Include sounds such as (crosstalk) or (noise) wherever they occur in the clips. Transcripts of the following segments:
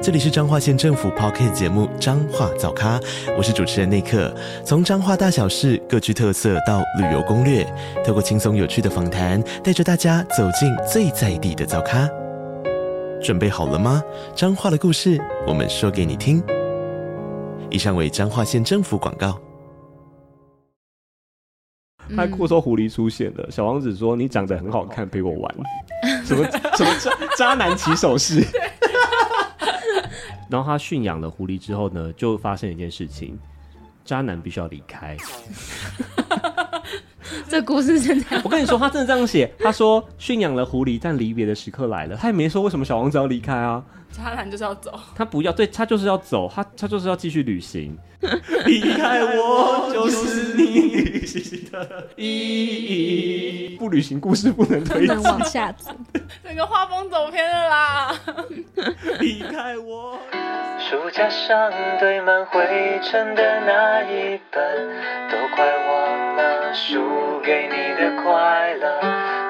這裡是彰化縣政府 Podcast 節目《彰化早咖》，我是主持人內克。從彰化大小事各具特色到旅遊攻略，透過輕鬆有趣的訪談，帶着大家走進最在地的早咖。準備好了嗎？彰化的故事，我們說給你聽。以上為彰化縣政府廣告。賣酷收狐狸出現了，小王子說：“你長得很好看，陪我玩。 (laughs) (laughs) 什麼”什麼什麼渣渣男起手式？ (laughs) 然後他馴養了狐狸之後呢，就發生一件事情，渣男必須要離開。 (laughs) (laughs) (laughs) 這故事真的，我跟你說，他真的這樣寫，他說馴養了狐狸，但離別的時刻來了，他也沒說為什麼小王子要離開啊。他渣男就是要走，他不要，對，他就是要走，他他就是要繼續旅行，離 (laughs) 開我就是你， (laughs) 你的意義，不旅行故事不能推進，下 (laughs) (laughs) 整個畫風走偏了啦，離 (laughs) 開我，書架上堆滿灰塵的那一本，都快忘了輸給你的快樂。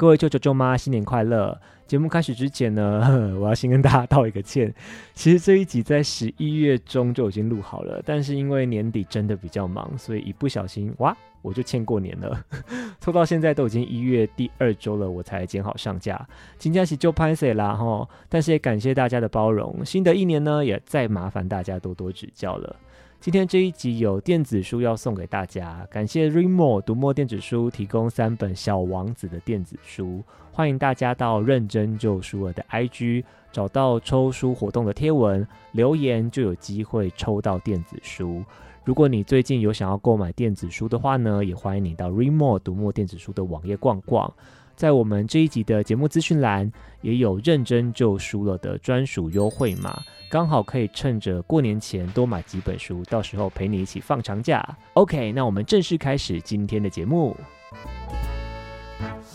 各位舅舅舅媽，新年快樂！節目開始之前呢，我要先跟大家道一個歉。其實這一集在十一月中就已經錄好了，但是因為年底真的比較忙，所以一不小心哇，我就欠過年了， (laughs) 拖到現在都已經一月第二週了，我才剪好上架。金價就拍謝啦哈，但是也感謝大家的包容。新的一年呢，也再麻煩大家多多指教了。今天這一集有電子書要送給大家，感謝 Readmoo 讀墨電子書提供三本《小王子》的電子書，歡迎大家到認真舊書了的 IG 找到抽書活動的貼文留言，就有機會抽到電子書。如果你最近有想要購買電子書的話呢，也歡迎你到 Readmoo 讀墨電子書的網頁逛逛。在我們這一集的節目資訊欄也有認真舊書了的專屬優惠碼，剛好可以趁着過年前多買幾本書，到時候陪你一起放長假。OK，那我們正式開始今天的節目。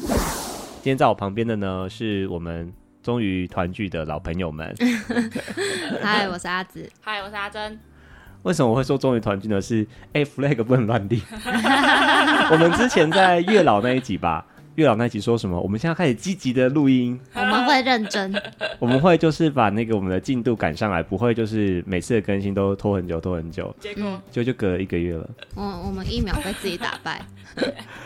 今天在我旁邊的呢，是我們終於團聚的老朋友們。嗨， (laughs) 我是阿紫。嗨，我是阿珍。為什麼我會說終於團聚呢？是 A、欸、flag 不能亂立 (laughs) (laughs) 我們之前在月老那一集吧。月老那集說什麼？我們現在開始積極的錄音、啊，我們會認真 (laughs) ，我們會就是把那個我們的進度趕上來，不會就是每次的更新都拖很久，拖很久，結果、嗯、就就隔了一個月了。我、哦、我們一秒被自己打敗，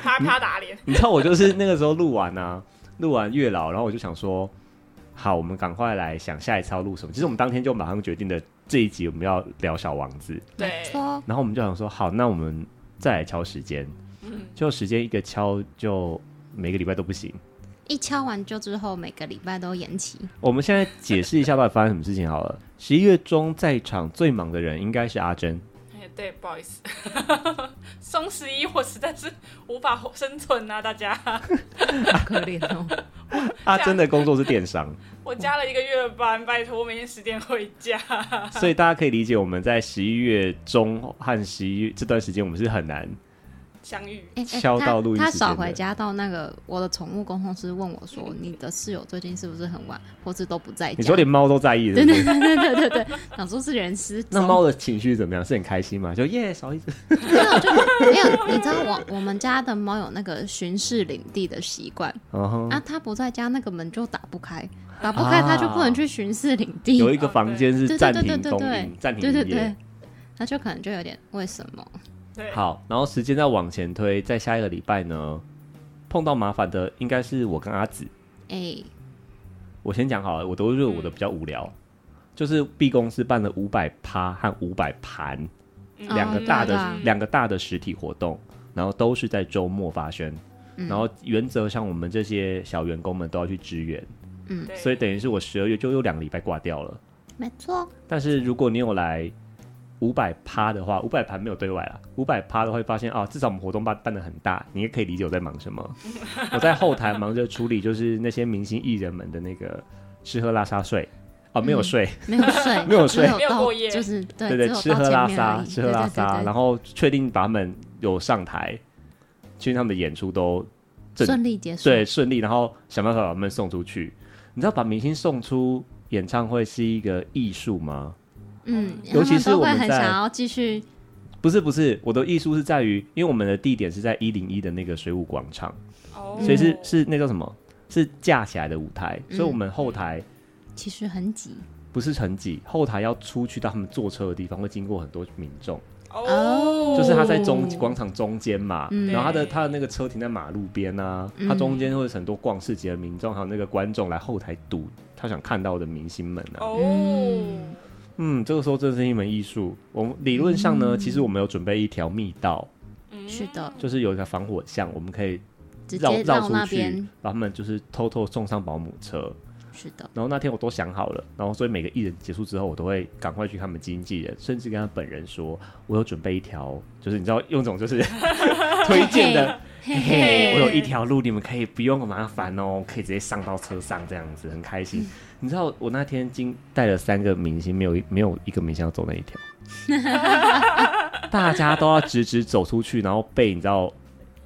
啪 (laughs) 啪 (laughs) 打臉。你知道我就是那個時候錄完啊，錄 (laughs) 完月老，然後我就想說，好，我們趕快來想下一次要錄什麼。其實我們當天就馬上決定的這一集我們要聊小王子，對。然後我們就想說，好，那我們再來敲時間、嗯，就時間一個敲就。每個禮拜都不行，一敲完就之後每個禮拜都延期。我們現在解釋一下到底發生什麼事情好了。十 (laughs) 一月中在場最忙的人應該是阿珍。哎、欸，對，不好意思，雙 (laughs) 十一我實在是無法生存啊，大家。 (laughs) (laughs) 好可憐憐哦。 (laughs) 阿珍的工作是電商， (laughs) 我加了一個月的班，拜託我每天十點回家。 (laughs) 所以大家可以理解，我們在十一月中和十一月、嗯、這段時間，我們是很難。相遇，欸欸、他他少回家到那個，我的寵物公公師問我說：“你的室友最近是不是很晚，或是都不在家？”你說連貓都在意的，對對對對對對， (laughs) 想說是人失蹤。那貓的情緒怎麼樣？是很開心嗎？就耶，什麼意思？沒有就沒有。 (laughs) 你知道我我們家的貓有那個巡視領地的習慣，uh -huh. 啊，他不在家，那個門就打不開，打不開、uh -huh. 他就不能去巡視領地。Uh -huh. 有一個房間是暫停通明，暫、oh, okay. 停對對,對對對，他就可能就有點為什麼。好，然後時間再往前推，在下一個禮拜呢，碰到麻煩的應該是我跟阿紫。誒、欸，我先講好了，我都認為我的比較無聊、嗯，就是 B 公司辦了五百趴和五百盤、嗯、兩個大的、哦啊、兩個大的實體活動，然後都是在周末發生、嗯，然後原則像我們這些小員工們都要去支援。嗯，所以等於是我十二月就有兩個禮拜掛掉了。沒錯。但是如果你有來。五百趴的話，五百盤沒有對外了。五百趴的話會發現啊，至少我們活動辦辦的很大，你也可以理解我在忙什麼。 (laughs) 我在後台忙着處理，就是那些明星藝人們的那個吃喝拉撒睡。哦，沒有睡，沒有睡，沒有睡，沒 (laughs) 有過夜，就是對，對對吃喝拉撒吃喝拉撒，然後確定把他們有上台，確定他們的演出都順利結束，對順利，然後想辦法把他們送出去。你知道把明星送出演唱會是一個藝術嗎？嗯，尤其是我會很想要繼續。不是不是，我的意思是在於，因為我們的地點是在一零一的那個水舞廣場、哦，所以是是那叫什麼？是架起來的舞台，嗯、所以我們後台其實很擠，不是很擠。後台要出去到他們坐車的地方，會經過很多民眾。哦，就是他在中廣場中間嘛，然後他的他的那個車停在馬路邊呢、啊，他中間會有很多逛市集的民眾、嗯，還有那個觀眾來後台堵他想看到的明星們呢、啊。哦。嗯嗯，這個時候真是一門藝術。我們理論上呢、嗯，其實我們有準備一條密道，是的，就是有一條防火巷，我們可以繞直接繞出去繞，把他們就是偷偷送上保姆車。是的，然後那天我都想好了，然後所以每個藝人結束之後，我都會趕快去他們經紀人，甚至跟他本人說，我有準備一條，就是你知道，用總就是 (laughs) 推薦的， (laughs) 嘿，嘿嘿，我有一條路，你們可以不用麻煩哦，可以直接上到車上，這樣子很開心。嗯你知道我那天經帶了三個明星，沒有一沒有一個明星要走那一條， (laughs) (laughs) 大家都要直直走出去，然後被你知道，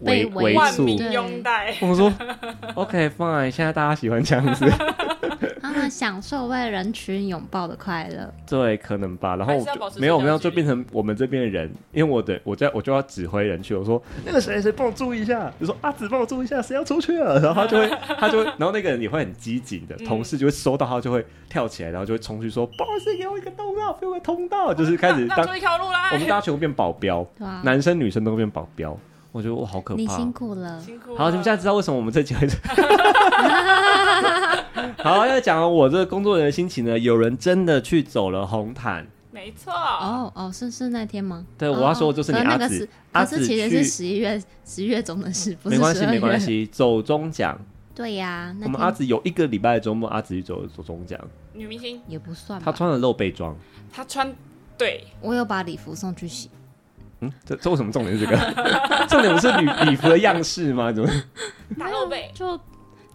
圍圍萬民擁戴。我們說 OK fine，現在大家喜歡這樣子。 (laughs) 享受被人群擁抱的快樂，對，可能吧。然後沒有沒有，我就變成我們這邊的人，因為我的，我在我就要指揮人去。我說那個誰誰幫我注意一下，就說阿紫幫我注意一下，誰要出去了，然後他就會 (laughs) 他就會然後那個人也會很積極的，同事就會收到他就會跳起來，然後就會衝去說，幫、嗯、我先給我一個通道，給我通道，就是開始當我們大家全部變保鏢， (laughs) 男生女生都會變保鏢。 (laughs) 我覺得我好可怕。你辛苦了，辛苦。好，你們現在知道為什麼我們這幾個 (laughs) (laughs) (laughs) (laughs) 好，要講我這個工作人員的心情呢？有人真的去走了紅毯。沒錯。哦哦，是是那天嗎？對，哦、我要說的就是你阿紫。哦、可那個是阿可是其實是十一月，嗯、十一月中的事。沒關係，沒關係，走中獎。 (laughs) 對呀、啊，我們阿紫有一個禮拜的周末，阿紫去走走中獎。女明星也不算。她穿了露背裝。她穿，對我有把禮服送去洗。嗯、這為什麼重點是這個？ (laughs) 重點不是禮禮 (laughs) 服的樣式嗎？怎麼沒有？就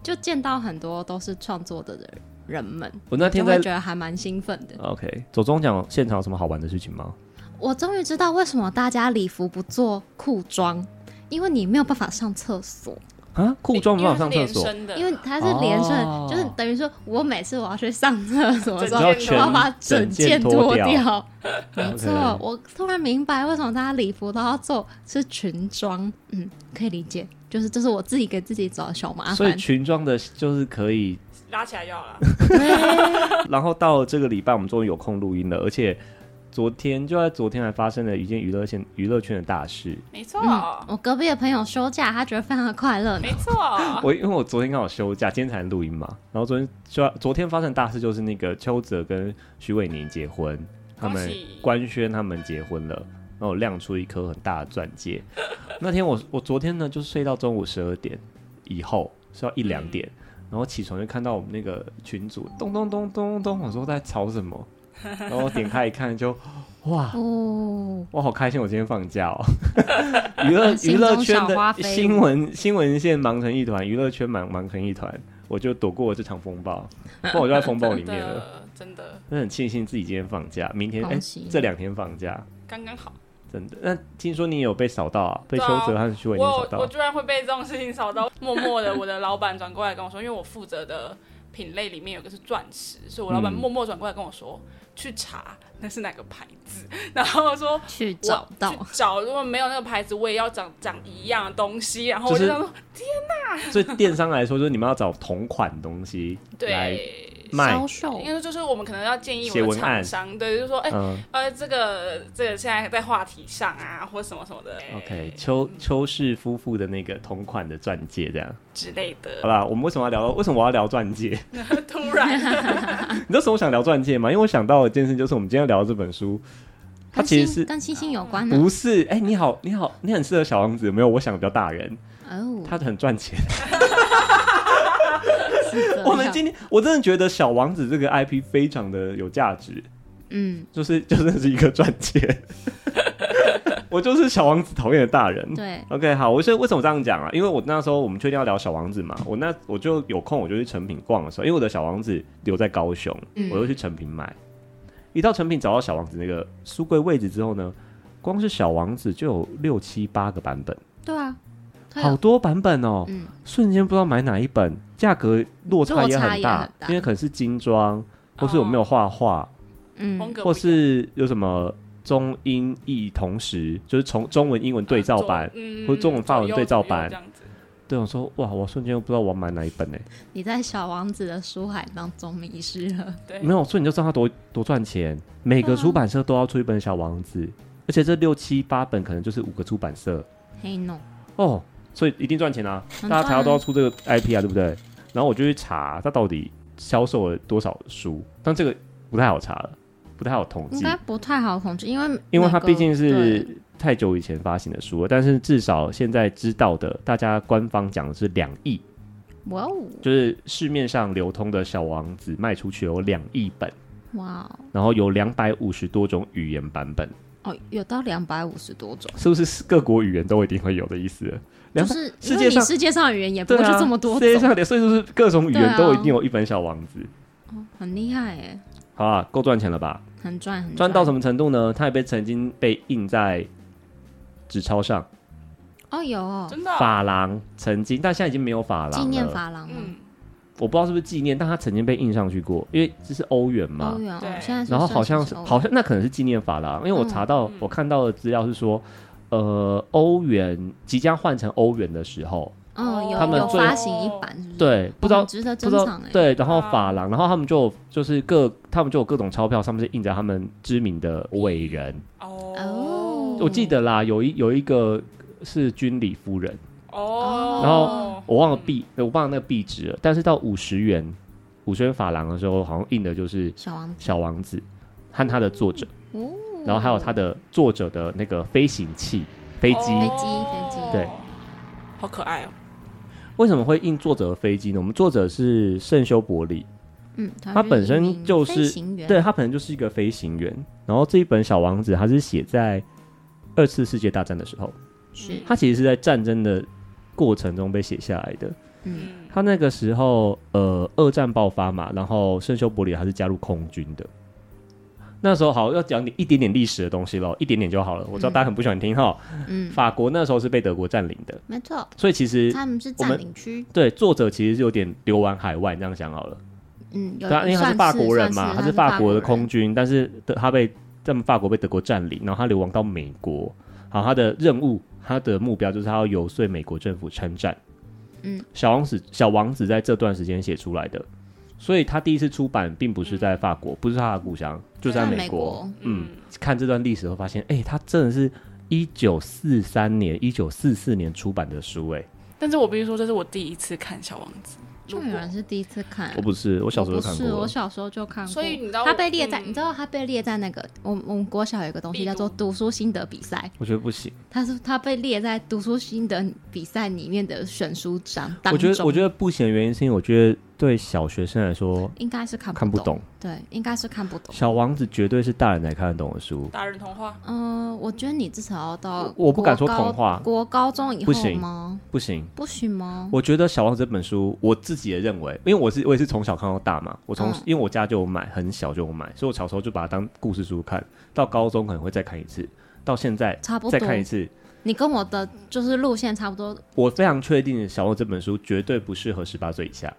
就見到很多都是創作的人人們，我那天會覺得還蠻興奮的。OK，走中獎現場有什麼好玩的事情嗎？我終於知道為什麼大家禮服不做褲裝，因為你沒有辦法上廁所。啊，褲裝沒有上廁所，因為它是連身，是連身、哦，就是等於說，我每次我要去上廁所的時候，我要，要把整件脫掉。沒錯、 (laughs) 嗯 okay.，我突然明白為什麼大家禮服都要做是裙裝，嗯，可以理解，就是這、就是我自己給自己找小麻煩。所以裙裝的就是可以拉起來要了。 (laughs) 對 (laughs) 然後到了這個禮拜，我們終於有空錄音了，而且。昨天就在昨天還發生了一件娛樂圈娛樂圈的大事。沒錯、嗯，我隔壁的朋友休假，他覺得非常的快樂。沒錯， (laughs) 我因為我昨天剛好休假，今天才錄音嘛。然後昨天昨昨天發生的大事就是那個邱澤跟徐偉寧結婚，他們官宣他們結婚了，然後亮出一顆很大的鑽戒。 (laughs) 那天我我昨天呢就睡到中午十二點以後，睡到一兩點，嗯，然後起床就看到我們那個群組，咚咚咚咚咚咚咚咚，我說我在吵什麼？ (laughs) 然後點開一看就，就哇，哦，我好開心，我今天放假哦！ (laughs) 娛樂娛樂圈的新聞新聞線忙成一團，娛樂圈忙忙成一團，我就躲過了這場風暴，那 (laughs) 我就在風暴裡面了，真的。那很慶幸自己今天放假，明天哎這兩天放假，剛剛好。真的，那聽說你有被掃到啊？被邱澤和徐偉掃、啊、我我居然會被這種事情掃到， (laughs) 默默的，我的老闆轉過來跟我說， (laughs) 因為我負責的品類裡面有個是鑽石，所以我老闆默默轉過來跟我說。嗯去查那是哪個牌子，然後說去找到去找，如果沒有那個牌子，我也要找找一樣的東西，然後我就想說、就是、天哪！所以電商來說，就是你們要找同款東西， (laughs) 對。銷售，因為就是我們可能要建議我們廠商，對，就是說，哎、欸嗯，呃，這個這個現在在話題上啊，或者什麼什麼的。O、okay, K.、嗯、邱邱氏夫婦的那個同款的鑽戒這樣之類的，好吧？我們為什麼要聊？為什麼我要聊鑽戒？ (laughs) 突然 (laughs) (laughs) 你知道什麼我想聊鑽戒嗎？因為我想到一件事，就是我們今天聊的這本書，它其實是跟星星有關、啊。的。不是，哎、欸，你好，你好，你很適合小王子，沒有？我想的比較大人。哦，他很賺錢。 (laughs) 我們今天我真的覺得小王子這個 IP 非常的有價值，嗯，就是就真是一個賺錢。我就是小王子討厭的大人。對，OK，好，我是為什麼這樣講啊？因為我那時候我們確定要聊小王子嘛，我那我就有空我就去誠品逛的時候，因為我的小王子留在高雄，我又去誠品買。一到誠品找到小王子那個書櫃位置之後呢，光是小王子就有六七八個版本，對啊，好多版本哦、喔，瞬間不知道買哪一本。價格落差，落差也很大，因為可能是精裝，或是有沒有畫畫、哦，嗯，或是有什麼中英譯同時，就是從中文、英文對照版，啊中嗯、或是中文、法文對照版左右左右這樣子。對我說：“哇，我瞬間又不知道我要買哪一本呢。”你在《小王子》的書海當中迷失了，對，沒有，所以你就知道它多多賺錢。每個出版社都要出一本《小王子》啊，而且這六七八本可能就是五個出版社。嘿、hey、儂、no. 哦，所以一定賺錢啊！大家材料都要出這個 IP 啊，對不對？ (laughs) 然後我就去查他到底銷售了多少書，但這個不太好查了，不太好統計。應該不太好統計，因為、那個、因為它畢竟是太久以前發行的書了。但是至少現在知道的，大家官方講的是兩億，哇哦！就是市面上流通的小王子賣出去有兩億本，哇、wow！然後有兩百五十多種語言版本，哦、oh，有到兩百五十多種，是不是各國語言都一定會有的意思的？就是你世界上，世界上語言也不是這麼多，世界上所以就是各種語言都有，一定有一本小王子，哦、啊，oh, 很厲害耶，好啊，夠賺錢了吧？很賺很賺，賺到什麼程度呢？它也被曾經被印在紙鈔上，oh, 哦，有真的法郎曾經，但現在已經沒有法郎了，紀念法郎嗎？嗯，我不知道是不是紀念，但它曾經被印上去過，因為這是歐元嘛，對啊，然後好像是好像那可能是紀念法郎，因為我查到、嗯、我看到的資料是說。呃，歐元即將換成歐元的時候，嗯、哦，有他們有發行一版，對、哦，不知道、哦、不知道對，然後法郎，然後他們就就是各他們就有各種鈔票，上面是印着他們知名的偉人哦，我記得啦，有一有一個是居禮夫人哦，然後我忘了幣、嗯、我忘了那個幣值了，但是到五十元五十元法郎的時候，好像印的就是小王子，小王子和他的作者然後還有他的作者的那個飛行器、飛機，飛機、飛機，對，好可愛哦！為什麼會印作者的飛機呢？我們作者是聖修伯里，嗯，他，他本身就是，對，他本身就是一個飛行員。嗯、然後，這一本小王子，他是寫在二次世界大戰的時候，是，他其實是在戰爭的過程中被寫下來的。嗯，他那個時候呃，二戰爆發嘛，然後聖修伯里他是加入空軍的。那時候好要講點一點點歷史的東西咯。一點點就好了。嗯，我知道大家很不喜歡聽哈。嗯，法國那時候是被德國占領的，沒錯。所以其實我們他們是占領區。對，作者其實是有點流亡海外，這樣想好了。嗯，對，因為他是法國人嘛，是是他是法國的空軍，是但是他被他們法國被德國占領，然後他流亡到美國。好，他的任務，他的目標就是他要游說美國政府參戰。嗯，小王子，小王子在這段時間寫出來的。所以他第一次出版並不是在法國，嗯、不是他的故鄉，就是、在美國。嗯，看這段歷史會發現，哎、嗯欸，他真的是一九四三年、一九四四年出版的書哎。但是我必須說，這是我第一次看《小王子》，就有人是第一次看，我不是，我小時候就看過我是，我小時候就看過。所以你知道，他被列在、嗯，你知道他被列在那個，我們我們國小有一個東西叫做讀書心得比賽，我覺得不行。他是他被列在讀書心得比賽裡面的選書當中。我覺得我覺得不行的原因是因為我覺得。對小學生來說，應該是看不看不懂。對，應該是看不懂。小王子絕對是大人才看得懂的書，大人童話。嗯、呃，我覺得你至少到我，我不敢說童話，國高中以後不行嗎？不行，不行嗎？我覺得小王子這本書，我自己也認為，因為我是我也是從小看到大嘛。我從、哦、因為我家就有買，很小就有買，所以我小時候就把它當故事書看。到高中可能會再看一次，到現在差不多再看一次。你跟我的就是路線差不多。我非常確定，小王子這本書絕對不適合十八歲以下。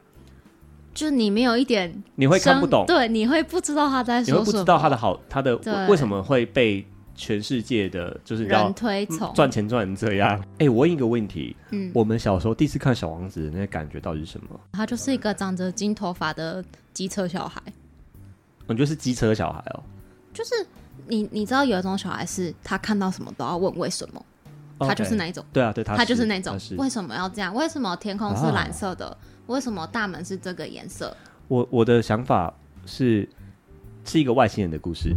就你沒有一點你會看不懂，對，你會不知道他在說什麼。你會不知道他的好，他的為什麼會被全世界的，就是人推崇，賺、嗯、錢賺成這樣。哎、 (laughs) 欸，我問一個問題，嗯，我們小時候第一次看《小王子》的那個感覺到底是什麼？他就是一個長着金頭髮的機車小孩。我覺得是機車小孩哦。、喔，就是你，你知道有一種小孩是，他看到什麼都要問為什麼，okay, 他就是那一種。對啊，對，他，是他就是那種是是。為什麼要這樣？為什麼天空是藍色的？哦為什麼大門是這個顏色？我我的想法是，是一個外星人的故事。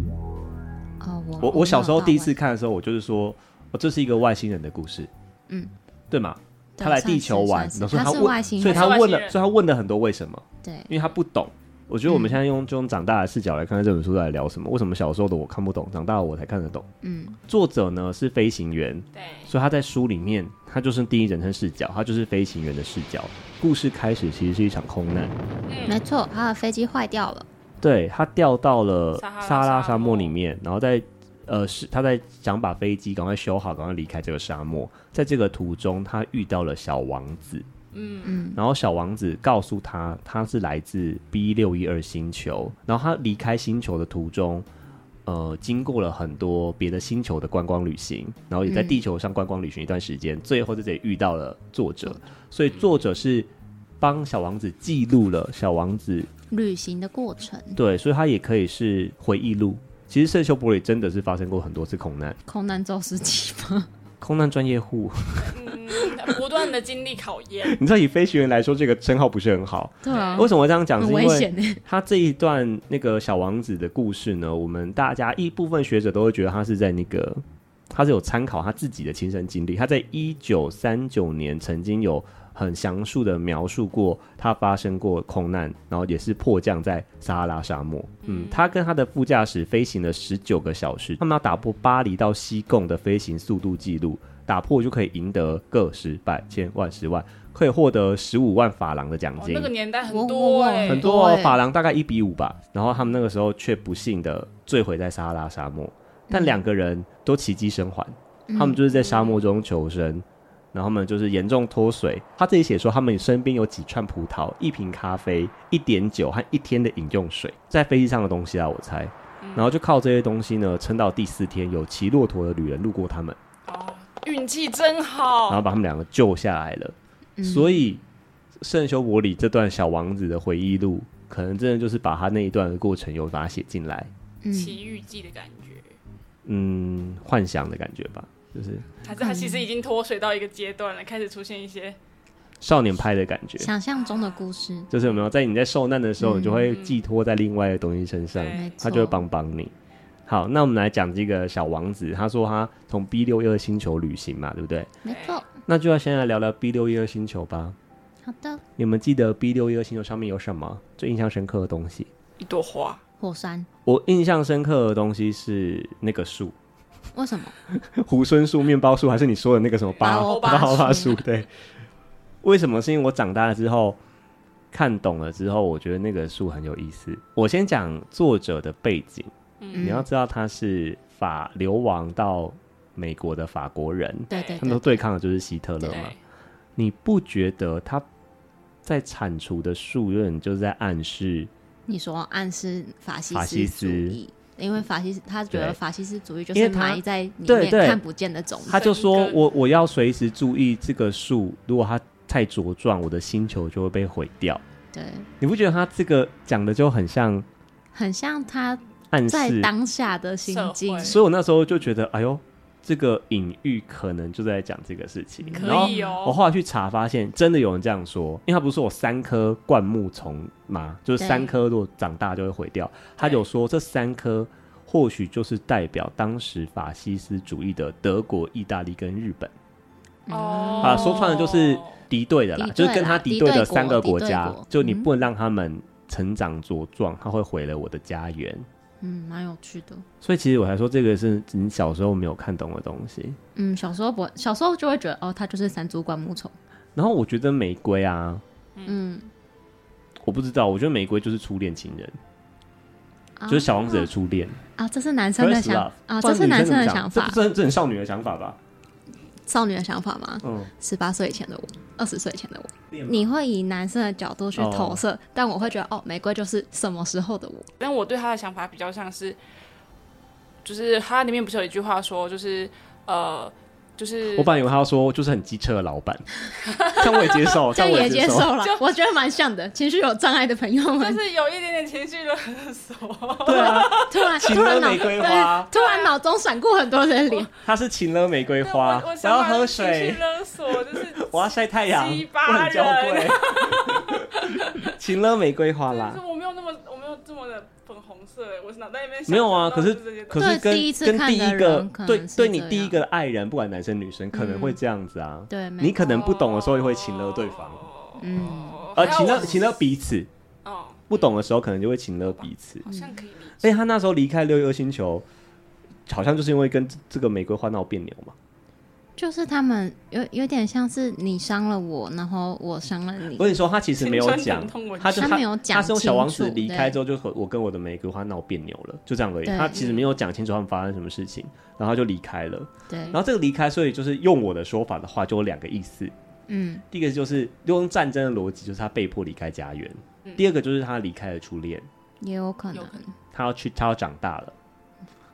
哦，我我，我，我小時候第一次看的時候，我就是說，哦，這是一個外星人的故事。嗯，對嘛？他來地球玩，是是然後他問他是外星人，所以他問了他，所以他問了很多為什麼？對，因為他不懂。我覺得我們現在用這種，嗯，長大的視角來看這本書在聊什麼？為什麼小時候的我看不懂，長大了我才看得懂？嗯，作者呢是飛行員，對，所以他在書裡面。他就是第一人稱視角，他就是飛行員的視角。故事開始其實是一場空難，嗯、沒錯，他的飛機壞掉了，對，他掉到了沙拉沙漠裡面，沙沙然後在呃，是他在想把飛機趕快修好，趕快離開這個沙漠。在這個途中，他遇到了小王子，嗯嗯，然後小王子告訴他，他是來自 B 六一二星球，然後他離開星球的途中。呃，經過了很多別的星球的觀光旅行，然後也在地球上觀光旅行一段時間、嗯，最後在這裡遇到了作者。嗯、所以作者是幫小王子記錄了小王子旅行的過程。對，所以他也可以是回憶錄。其實聖修伯里真的是發生過很多次空難，空難肇事機嗎？空難專業戶。 (laughs) 不斷的經歷考驗。你知道，以飛行員來說，這個稱號不是很好。對啊。為什麼會這樣講？是因為他這一段那個小王子的故事呢，我們大家一部分學者都會覺得他是在那個，他是有參考他自己的親身經歷。他在一九三九年曾經有很詳述的描述過他發生過空難，然後也是迫降在撒哈拉沙漠。嗯，他跟他的副駕駛飛行了十九個小時，他們要打破巴黎到西貢的飛行速度記錄。打破就可以贏得個十百千萬十萬，可以獲得十五萬法郎的獎金、哦。那個年代很多、欸，很多法郎大概一比五吧。然後他們那個時候卻不幸的墜毀在撒哈拉沙漠，嗯、但兩個人都奇蹟生還、嗯。他們就是在沙漠中求生，嗯、然後呢就是嚴重脫水。他自己寫說，他們身邊有幾串葡萄、一瓶咖啡、一點酒和一天的飲用水，在飛機上的東西啊，我猜。然後就靠這些東西呢，撐到第四天，有騎駱駝的旅人路過他們。哦運氣真好，然後把他們兩個救下來了。嗯、所以聖修伯里這段小王子的回憶錄，可能真的就是把他那一段的過程又把它寫進來，奇遇記的感覺，嗯，幻想的感覺吧，就是他他其實已經脫水到一個階段了，開始出現一些、嗯、少年派的感覺，想象中的故事，就是有沒有在你在受難的時候，嗯、你就會寄託在另外的東西身上，嗯、他就會幫幫你。好，那我們來講這個小王子。他說他從 B 六一二星球旅行嘛，對不對？沒錯。那就要先來聊聊 B 六一二星球吧。好的。你們記得 B 六一二星球上面有什麼最印象深刻的東西？一朵花，火山。我印象深刻的東西是那個樹。為什麼？ (laughs) 猢猻樹、麵包樹，還是你說的那個什麼巴奧巴樹？對。 (laughs) 為什麼？是因為我長大了之後看懂了之後，我覺得那個樹很有意思。我先講作者的背景。嗯、你要知道，他是法流亡到美國的法國人，對對，對，對，他們都對抗的就是希特勒嘛。你不覺得他在鏟除的樹，有點就是在暗示？你說暗示法西斯主義法西斯，因為法西斯，他覺得法西斯主義就是埋在裡面看不見的種子。他就說我我要隨時注意這個樹，如果它太茁壯，我的星球就會被毀掉。對，你不覺得他這個講的就很像？很像他在當下的心境，所以我那時候就覺得，哎呦，這個隱喻可能就在講這個事情可以、哦。然後我後來去查，發現真的有人這樣說，因為他不是說：‘我三棵灌木叢嗎？就是三棵，如果長大就會毀掉。他就說，這三棵或許就是代表當時法西斯主義的德國、意大利跟日本。哦、嗯，啊，說穿了就是敵對的啦，敵對啦，就是跟他敵對的三個國家敵對國、敵對國，就你不能讓他們成長茁壯，他會毀了我的家園。嗯嗯，蠻有趣的。所以其實我還說這個是你小時候沒有看懂的東西。嗯，小時候不，小時候就會覺得哦，他就是三株灌木叢。然後我覺得玫瑰啊，嗯，我不知道，我覺得玫瑰就是初戀情人、嗯，就是小王子的初戀啊，啊，啊，啊。這是男生的想啊，這是男生的想法，這這很少女的想法吧。少女的想法嗎？嗯，十八歲以前的我，二十歲以前的我，你會以男生的角度去投射，但我會覺得哦，玫瑰就是什麼時候的我。但我對他的想法比較像是，就是他裡面不是有一句話說，就是呃。就是，我本以為他要說就是很機車的老板，但 (laughs) 我也接受，但我也接受了，我覺得蠻像的。情緒有障礙的朋友們，就是有一點點情緒勒索， (laughs) 對啊，突然，突然腦中突然腦中閃過很多人的臉，他是情勒玫瑰花，然後 (laughs) 我我想要喝水，我要曬太陽，七八人，情勒玫瑰花啦，我沒有那麼。對，我是腦袋裡面。沒有啊，可是可是跟第跟第一個對對你第一個愛人，不管男生女生、嗯，可能會這樣子啊。對，你可能不懂的時候會情勒對方，嗯，而情勒情勒彼此。哦、嗯，不懂的時候可能就會情勒彼此好，好像可以、欸。他那時候離開六一二星球，好像就是因為跟這、這個玫瑰花鬧別扭嘛。就是他們有有點像是你傷了我，然後我傷了你。我跟你說，他其實沒有講，他是他，他沒有講，他是用小王子離開之後就和我跟我的玫瑰花鬧彆扭了，就這樣而已。他其實沒有講清楚他們發生什麼事情，然後他就離開了。對。然後這個離開，所以就是用我的說法的話，就有兩個意思。嗯。第一個就是用戰爭的邏輯，就是他被迫離開家園。嗯。第二個就是他離開了初戀，也有可能。他要去，他要長大了。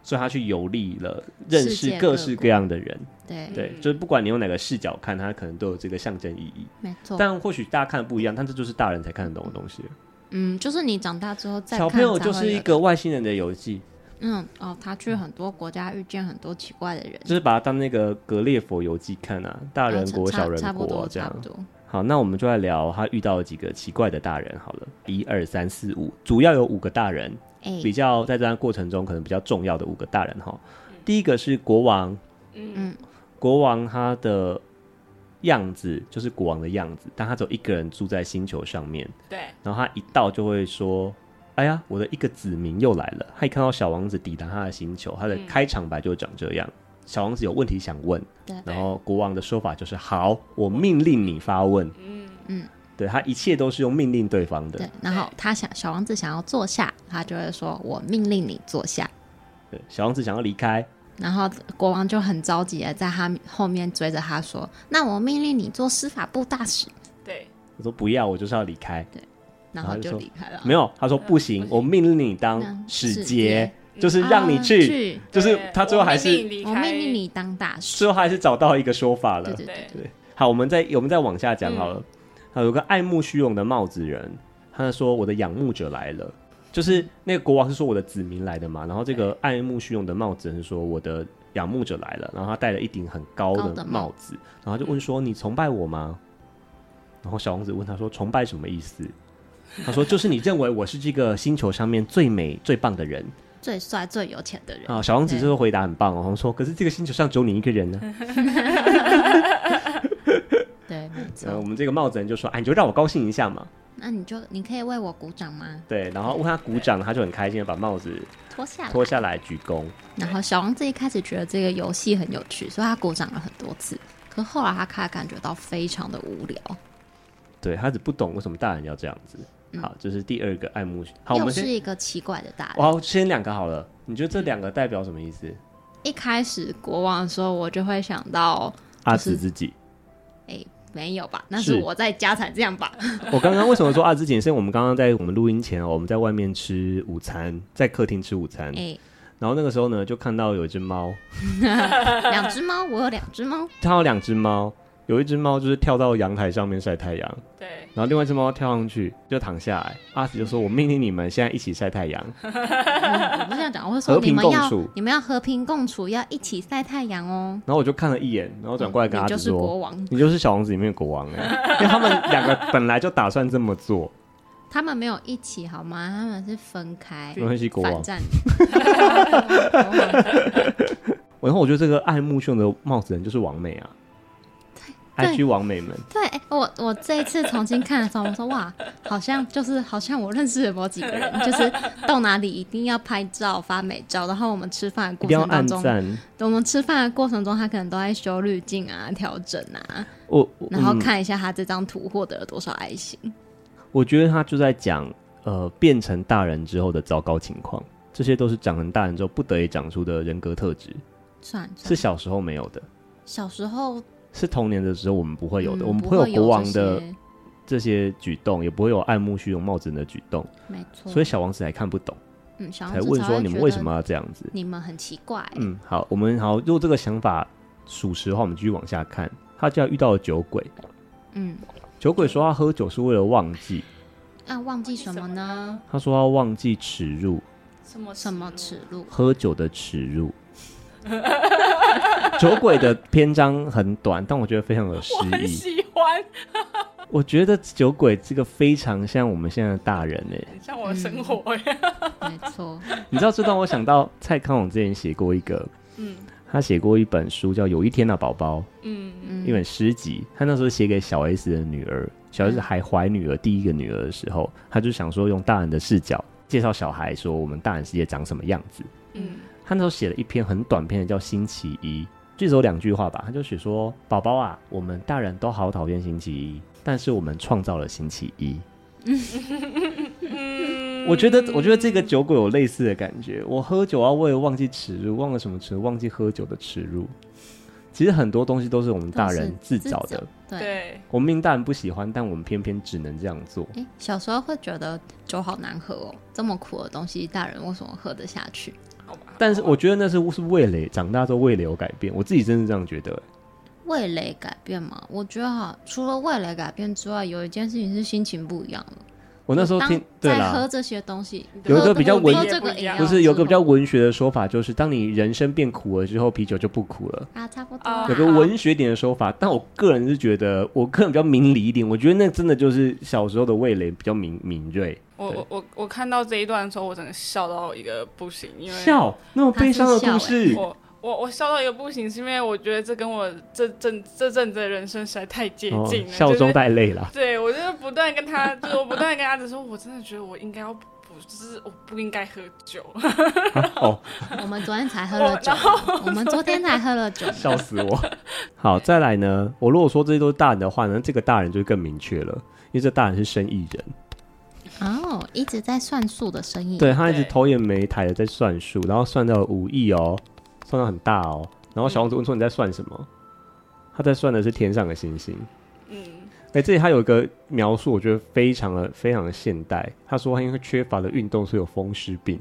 所以他去遊歷了，認識各式各樣的人。對對、嗯，就是不管你用哪個視角看，他可能都有這個象徵意義。沒錯，但或許大家看的不一樣，但這就是大人才看得懂的東西。嗯，就是你長大之後再看。小朋友就是一個外星人的遊記。嗯哦，他去很多國家，遇見很多奇怪的人。嗯、就是把它當那個《格列佛遊記》看啊，大人國、小人國這樣。好，那我們就來聊他遇到了幾個奇怪的大人。好了，一二三四五，主要有五個大人。比較在這段過程中可能比較重要的五個大人哈，嗯，第一個是國王，嗯，國王他的樣子就是國王的樣子，但他只有一個人住在星球上面，對，然後他一到就會說，哎呀，我的一個子民又來了，他一看到小王子抵達他的星球，他的開場白就長這樣，嗯，小王子有問題想問，然後國王的說法就是，好，我命令你發問，嗯嗯。對他一切都是用命令對方的。對，然後他想小王子想要坐下，他就會說：“我命令你坐下。”對，小王子想要離開，然後國王就很着急的在他後面追着他說：“那我命令你做司法部大使。”對，我說不要，我就是要離開。對，然後就離開了。沒有，他說不行，嗯、不行我命令你當使節，就是讓你去、嗯，就是他最後還是我命,我命令你當大使，最後還是找到一個說法了。對對,對,對,對好，我們再我們再往下講好了。嗯啊、有個愛慕虛榮的帽子人，他就說：“我的仰慕者來了。”就是那個國王是說我的子民來的嘛。然後這個愛慕虛榮的帽子人說：“我的仰慕者來了。”然後他戴了一頂很高的帽子，然後就問說：“你崇拜我嗎？”然後小王子問他說：“崇拜什麼意思？”他說：“就是你認為我是這個星球上面最美、最棒的人， (laughs) 最帥、最有錢的人。”啊！小王子這個回答很棒哦。他說：“可是這個星球上只有你一個人呢、啊。 (laughs) ” (laughs) 嗯、我們這個帽子人就說：“哎、啊，你就讓我高興一下嘛。”那你就你可以為我鼓掌嗎？對，然後問他鼓掌，他就很開心的把帽子脫下，脫下來，下來鞠躬。然後小王子一開始覺得這個遊戲很有趣，所以他鼓掌了很多次。可後來他開始感覺到非常的無聊，對，他只不懂為什麼大人要這樣子。嗯、好，這、就是第二個愛慕。好，我們是一個奇怪的大人。好，先兩、哦、個好了，你覺得這兩個代表什麼意思？嗯、一開始國王的時候，我就會想到、就是、阿直自己。哎、欸。沒有吧？那是我在家產這樣吧。 (laughs) 我剛剛為什麼說啊？之前是因為我們剛剛在我們錄音前、哦，我們在外面吃午餐，在客廳吃午餐。哎，然後那個時候呢，就看到有一隻貓， (laughs) 兩隻貓，我有兩隻貓，他有兩隻貓。有一隻貓就是跳到陽台上面曬太陽，對，然後另外一隻貓跳上去就躺下來，阿紫就說：“我命令你們現在一起曬太陽。嗯，我我是和平共處”你們這樣講，我會說你們要你們要和平共處，要一起晒太陽哦。然後我就看了一眼，然後轉過來跟阿紫說、嗯你：“你就是小王子裡面的國王哎、啊。”因為他們兩個本來就打算這麼做，他們沒有一起好嗎？他們是分開，沒關係，國王 (laughs) (laughs) 好好感感 (laughs) 然後我覺得這個愛慕秀的帽子人就是王美啊。還是網美們，對，我我這一次重新看的時候，我說哇，好像就是好像我認識的某幾個人，就是到哪裡一定要拍照發美照，然後我們吃飯過程當中，我們吃飯的過程中，他可能都在修濾鏡啊、調整啊，我，我然後看一下他這張圖獲得了多少愛心。我，我覺得他就在講，呃，變成大人之後的糟糕情況，這些都是長成大人之後不得已長出的人格特質，算，算是小時候沒有的，小時候。是童年的時候我們不會有的。嗯，我們不會有國王的這些舉動，嗯、不也不會有愛慕虛榮、冒進的舉動。沒錯，所以小王子還看不懂，嗯，才問說們你們為什麼要這樣子？你們很奇怪。嗯，好，我們好，如果這個想法屬實的話，我們繼續往下看。他就要遇到了酒鬼。嗯，酒鬼說他喝酒是為了忘記。那、嗯啊、忘記什麼呢？他說他忘記恥辱。什麼什麼恥辱？喝酒的恥辱。 (laughs) (laughs) 酒 (laughs) 鬼的篇章很短，但我覺得非常有詩意。我很喜歡。 (laughs) 我覺得酒鬼這個非常像我們現在的大人哎，像我的生活呀、 (laughs) 嗯，沒錯。你知道這讓我想到蔡康永之前寫過一個，嗯，他寫過一本書叫《有一天的寶寶》，嗯嗯，一本詩集。他那時候寫給小 S 的女兒，小 S 還懷女兒、嗯、第一個女兒的時候，他就想說用大人的視角介紹小孩，說我們大人世界長什麼樣子，嗯。他那時候寫了一篇很短篇的，叫《星期一》，只有兩句話吧。他就寫說：“寶寶啊，我們大人都好討厭星期一，但是我們創造了星期一。 (laughs) ”我覺得，我覺得這個酒鬼有類似的感覺。我喝酒啊，我也忘記恥辱，忘了什麼恥辱，忘記喝酒的恥辱。其實很多東西都是我們大人自找的。找，對，我們明大人不喜歡，但我們偏偏只能這樣做。欸，小時候會覺得酒好難喝哦，這麼苦的東西，大人為什麼喝得下去？但是我覺得那是是味蕾，長大之後味蕾有改變，我自己真是這樣覺得。味蕾改變嗎？我覺得哈，除了味蕾改變之外，有一件事情是心情不一樣的。我那時候聽，喝這些東西對啦，喝有些西有個比較文，不，一不是有一個比較文學的說法，就是當你人生變苦了之後，啤酒就不苦了啊，差不多。有個文學點的說法，但我個人是覺得，我個人比較明理一點，我覺得那真的就是小時候的味蕾比較敏敏銳。我我我看到這一段的時候，我真的笑到一個不行，因為笑、欸、笑那麼悲傷的故事。我我笑到一個不行，是因為我覺得這跟我這陣這陣子的人生實在太接近了，笑、哦就是、中帶淚了。對，我就是不斷跟他，就我不斷跟阿哲說， (laughs) 我真的覺得我應該要不，不、就是我不應該喝酒、啊 (laughs) 哦。我們昨天才喝了酒了我，我們昨天才喝了酒了，笑死我。 (laughs) 好，再來呢，我如果說這些都是大人的話呢，這個大人就更明確了，因為這大人是生意人哦，一直在算數的生意人，對，他一直頭也沒抬的在算數，然後算到五億哦。算的很大哦，然後小王子問說你在算什麼？嗯、他在算的是天上的星星。嗯，哎、欸，這裡他有一個描述，我覺得非常的非常的現代。他說他因為缺乏了運動，所以有風濕病。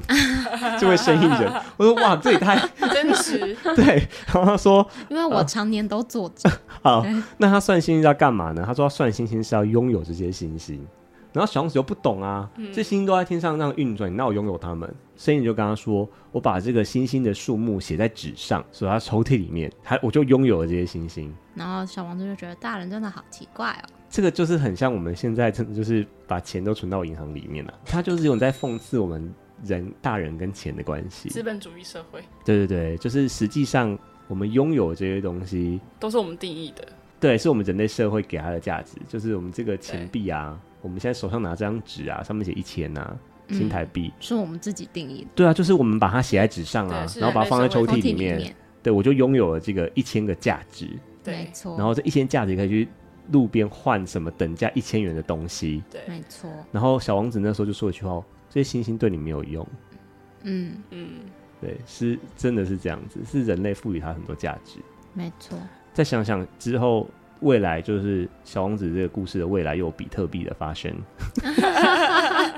這 (laughs) 位生意人，我說哇，這也太真實。對，然後他說因為我常年都坐着、啊。好，那他算星星是要幹嘛呢？他說他算星星是要擁有這些星星。然後小王子又不懂啊，嗯、這些星星都在天上這樣運轉，那我擁有它們，所以你就跟他說：“我把這個星星的數目寫在紙上，所以它抽屜裡面，他我就擁有了這些星星。”然後小王子就覺得大人真的好奇怪哦。這個就是很像我們現在真的就是把錢都存到銀行裡面了、啊，他就是一種在諷刺我們人大人跟錢的關係。資本主義社會。對對對，就是實際上我們擁有這些東西都是我們定義的，對，是我們人類社會給它的價值，就是我們這個錢幣啊。我們現在手上拿這張紙啊，上面寫一千啊。新台幣、嗯、是我們自己定義的。對啊，就是我們把它寫在紙上啊，啊，然後把它放在抽屜裡、嗯、裡面。對，我就擁有了這個一千個價值。對，然後這一千價值可以去路邊換什麼等價一千元的東西。對，沒錯。然後小王子那時候就說了一句話：這些星星對你沒有用。嗯嗯，對，是真的是這樣子，是人類賦予他很多價值。沒錯。再想想之後。未來就是小王子這個故事的未來，又有比特幣的發生，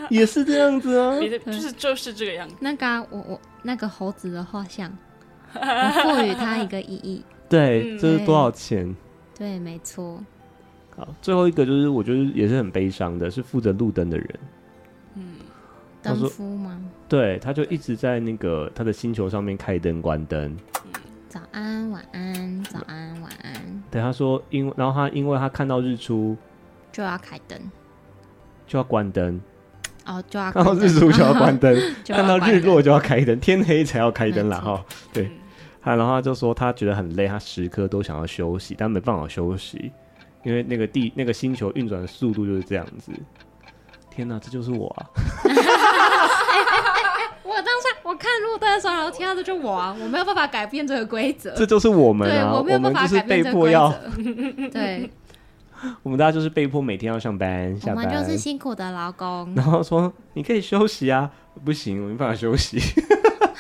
也是這樣子啊， (laughs) 就是就是這個樣子。那個、啊、我我那個猴子的畫像，我賦予它一個意義。對、嗯，這是多少錢？對，對沒錯。好，最後一個就是我覺得也是很悲傷的，是負責路燈的人。嗯，燈夫嗎？對，他就一直在那個他的星球上面開燈關燈、嗯。早安，晚安，早安，晚安。對他說因，因然後他因為他看到日出就要開燈，就要關燈哦，oh, 就要看到日出就要關燈，看 (laughs) 到日落就要開燈， (laughs) 天黑才要開燈 (laughs) 然哈後。 (laughs) 對，嗯、他然後他就說他覺得很累，他時刻都想要休息，但沒辦法休息，因為那個地那個星球運轉的速度就是這樣子。天哪，這就是我啊！ (laughs) (laughs) 當下我看路燈的時候，然後聽到，這就我、啊，我沒有辦法改變這個規則， (laughs) 這就是我們啊，我們就是被迫要，被迫要 (laughs) 對。我們大家就是被迫每天要上班，下班我們就是辛苦的勞工。然後說你可以休息啊，不行，我沒辦法休息，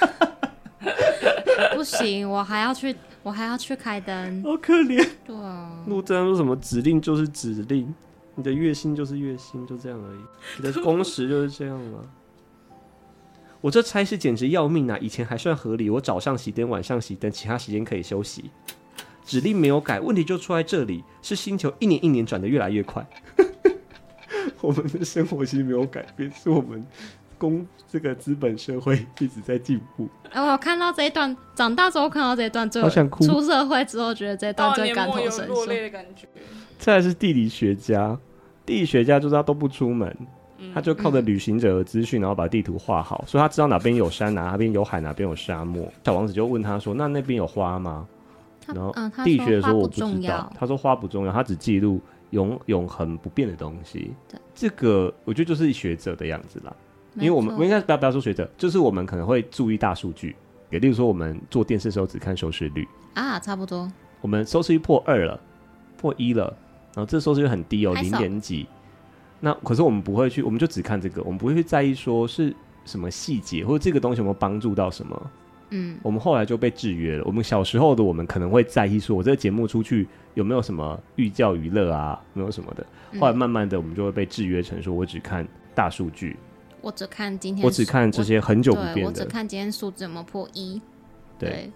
(laughs) (laughs) 不行，我還要去，我還要去開燈，好可憐。對啊，路燈說什麼指令就是指令，你的月薪就是月薪，就這樣而已，你的工時就是這樣了，啊。 (laughs) 我這差事簡直要命啊！以前還算合理，我早上熄燈，晚上熄燈，其他時間可以休息。指令沒有改，問題就出在這裡，是星球一年一年轉得越來越快。 (laughs) 我們的生活其實沒有改變，是我們工這個資本社會一直在進步。哎、哦，我看到這一段，長大之後看到這一段最，好想哭。出社會之後覺得這一段最感同身受。落淚的感覺。再是地理學家，地理學家就是他都不出門。嗯、他就靠着旅行者的資訊，然後把地圖畫好、嗯，所以他知道哪邊有山、啊， (laughs) 哪邊有海，哪邊有沙漠。小王子就問他說：“那那邊有花嗎？”然後地學說：“我不知道。嗯”他說花不重要：“他說花不重要，他只記錄永永恆不變的東西。”這個我覺得就是學者的樣子啦，因為我們我應該不要不要說學者，就是我們可能會注意大數據，也例如說我們做電視的時候只看收視率啊，差不多。我們收視率破二了，破一了，然後這收視率很低哦、喔，零點幾。那可是我們不會去，我們就只看這個，我們不會去在意說是什麼細節，或者這個東西有沒有幫助到什麼。嗯，我們後來就被制約了。我們小時候的我們可能會在意說，我這個節目出去有沒有什麼寓教於樂啊，沒有什麼的。後來慢慢的，我們就會被制約成說，嗯、我只看大數據，我只看今天，我只看這些很久不變的，我，我只看今天數字有沒有破一。對，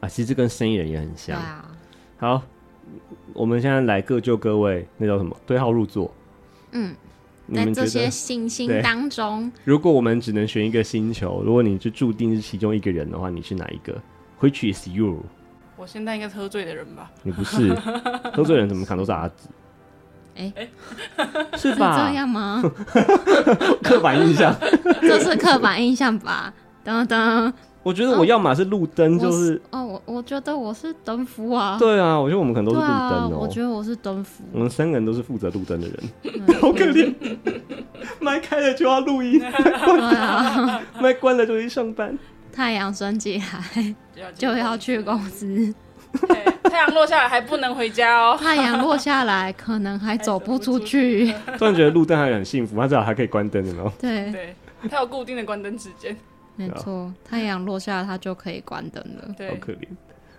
啊，其實這跟生意人也很像。對啊。好，我們現在來各就各位，那叫什麼？對號入座。嗯，在這些行星,星當中，如果我們只能選一個星球，如果你就注定是其中一個人的話，你是哪一個？Which is you，我先當一個喝醉的人吧。你不是喝醉 (laughs) 人，怎麼看都是阿紫。哎、欸，是這樣嗎？ (laughs) 刻板印象 (laughs) 這是刻板印象吧？等等我覺得我要嘛是路燈，啊，就是，是哦，我我覺得我是燈伕啊。對啊，我覺得我們可能都是路燈哦。啊，我覺得我是燈伕啊。我們三個人都是負責路燈的人，好可憐。麥 (laughs) 開了就要錄音，麥關麥關了就去上班。 (laughs) 太陽升起來， (laughs) 就，要來就要去公司， (laughs) 太陽落下來還不能回家哦。 (laughs) 太陽落下來可能還走不出去。 (laughs) 突然覺得路燈還很幸福，它至少還可以關燈，你知道嗎？對對，它有固定的關燈時間。沒錯，太陽落下，它就可以關燈了。對。好可憐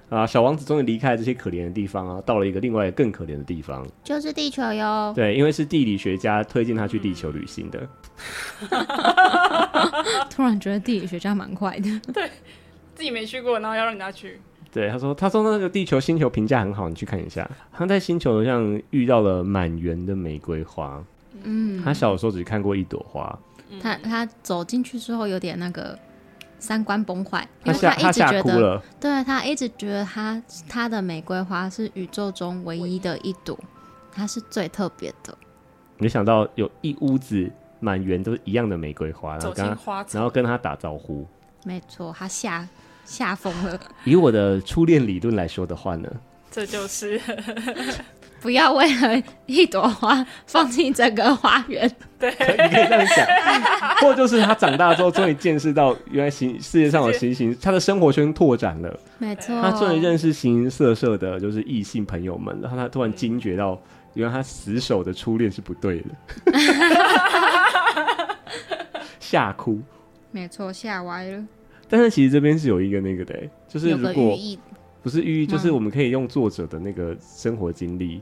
啊！小王子終於離開了這些可憐的地方啊，到了一個另外一個更可憐的地方，就是地球喲。對，因為是地理學家推薦他去地球旅行的。嗯、 (laughs) (laughs) (laughs) 突然覺得地理學家蠻壞的，對，自己沒去過，然後要讓人家去。對，他說，他說那個地球星球評價很好，你去看一下。他在星球上遇到了滿園的玫瑰花。嗯，他小時候只看過一朵花。嗯、他他走進去之後有點那個三觀崩壞，因為他一直覺得，他嚇，他嚇哭了。對他一直覺得他他的玫瑰花是宇宙中唯一的一朵，他是最特別的。沒想到有一屋子滿園都是一樣的玫瑰花，然後跟然後跟他打招呼，沒錯，他嚇嚇瘋了。以我的初戀理論來說的話呢， (laughs) 這就是。 (laughs) 不要為了一朵花放棄整個花園。對，你可以這樣講。 (laughs) 或就是他長大之後，終於見識到原來世界上有形形，他的生活圈拓展了。沒錯，他終於認識形形色色的，就是異性朋友們。然後他突然驚覺到，原來他死守的初戀是不對的，嚇 (laughs) 哭 (laughs) (laughs) (laughs) 沒錯，嚇歪了。但是其實這邊是有一個那個的，就是如果不是寓意，就是我們可以用作者的那個生活經歷。嗯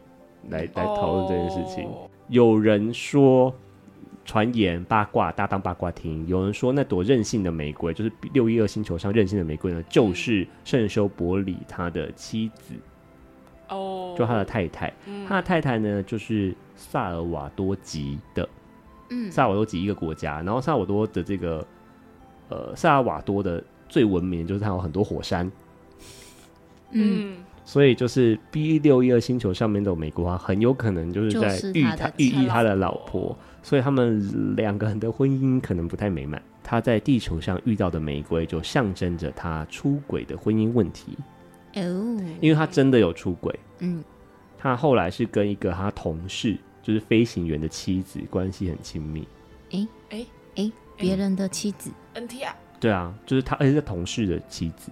來來討論這件事情。Oh, 有人說，傳言八卦，大當八卦聽。有人說，那朵任性的玫瑰，就是六一二星球上任性的玫瑰呢，就是聖修伯里他的妻子哦，oh, 就他的太太，um, 他的太太呢，就是薩爾瓦多籍的，嗯、um,，薩爾瓦多籍一個國家，然後薩爾瓦多的這個，呃，薩爾瓦多的最聞名，就是他有很多火山，嗯、um,。所以就是 B 六一二星球上面的玫瑰花，很有可能就是在寓意他、就是、他，他的老婆，所以他們兩個人的婚姻可能不太美滿。他在地球上遇到的玫瑰，就象徵着他出軌的婚姻問題。哦，因為他真的有出軌。嗯，他後來是跟一個他同事，就是飛行員的妻子關係很親密。哎哎哎，別人的妻子、嗯、NTR？對啊，就是他，而且是同事的妻子。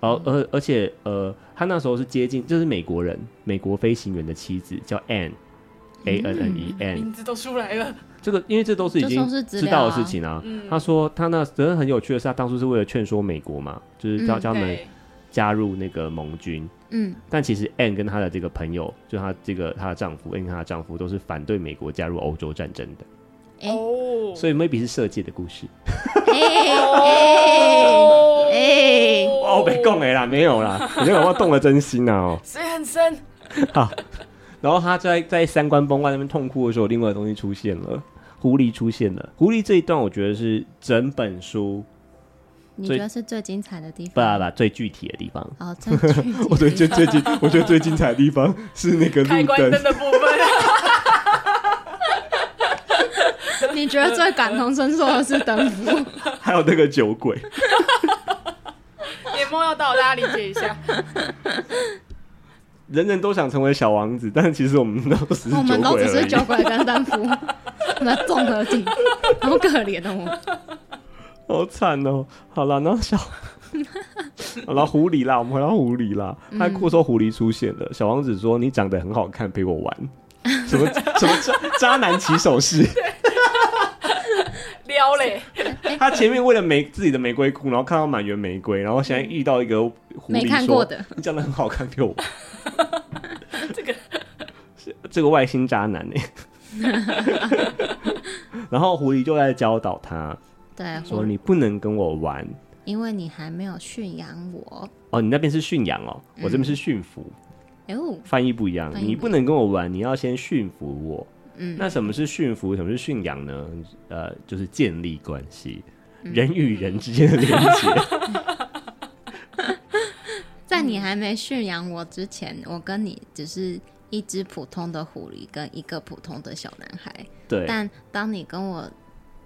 而、哦呃、而且，呃，他那時候是接近，就是美國人，美國飛行員的妻子叫 Anne，A、嗯、N -E，嗯、N Ann，名字都出來了。這個，因為這都是已經知道的事情啊。說啊他說，他那，真的很有趣的是，他當初是為了勸說美國嘛，嗯、就是叫叫他們加入那個盟軍。嗯。但其實 Anne 跟她的這個朋友，就她這個她的丈夫，Anne 她、嗯、丈夫都是反對美國加入歐洲戰爭的。哦、欸，所以 maybe 是設計的故事。哎、欸、哦，被講哎啦、喔，沒有啦，你有我有動了真心呢、喔？哦，水很深。好，然後他在在三觀崩壞那邊痛哭的時候，另外一個東西出現，出現了，狐狸出現了。狐狸這一段，我覺得是整本書，你覺得是最精彩的地方？爸爸，最具體的地方。哦，真的 (laughs) 我覺得最精， (laughs) 我覺得最精彩的地方是那個燈開關燈的部分 (laughs) (laughs) 你覺得最感同身受的是燈伕， (laughs) (laughs) 還有那個酒鬼。年末要到，大家理解一下。 (laughs) (laughs) 人人都想成為小王子，但是其實我們都只是，是我們都只是酒鬼跟燈伕，那綜合體，好可憐哦。好慘哦！好了，那小 (laughs) 好了，狐狸啦，我們回到狐狸啦。他、嗯、哭的時候狐狸出現了，小王子說：“你長得很好看，陪我玩。什 (laughs) 什”什麼什麼渣渣男起手式？ (laughs) (laughs) 他前面為了玫自己的玫瑰哭，然後看到滿園玫瑰，然後現在遇到一個狐狸說：“嗯、你講得很好看，給我。 (laughs) ”這個 (laughs) 這個外星渣男嘞。 (laughs) 然後狐狸就在教導他：“對，說你不能跟我玩，因為你還沒有馴養我。哦，你那邊是馴養哦、嗯，我這邊是馴服。呃、翻譯不一樣一，你不能跟我玩，你要先馴服我。”嗯、那什麼是馴服，什麼是馴養呢？呃，就是建立關係、嗯，人與人之間的連接。 (laughs) (laughs) 在你還沒馴養我之前，我跟你只是一隻普通的狐狸跟一個普通的小男孩。對。但當你跟我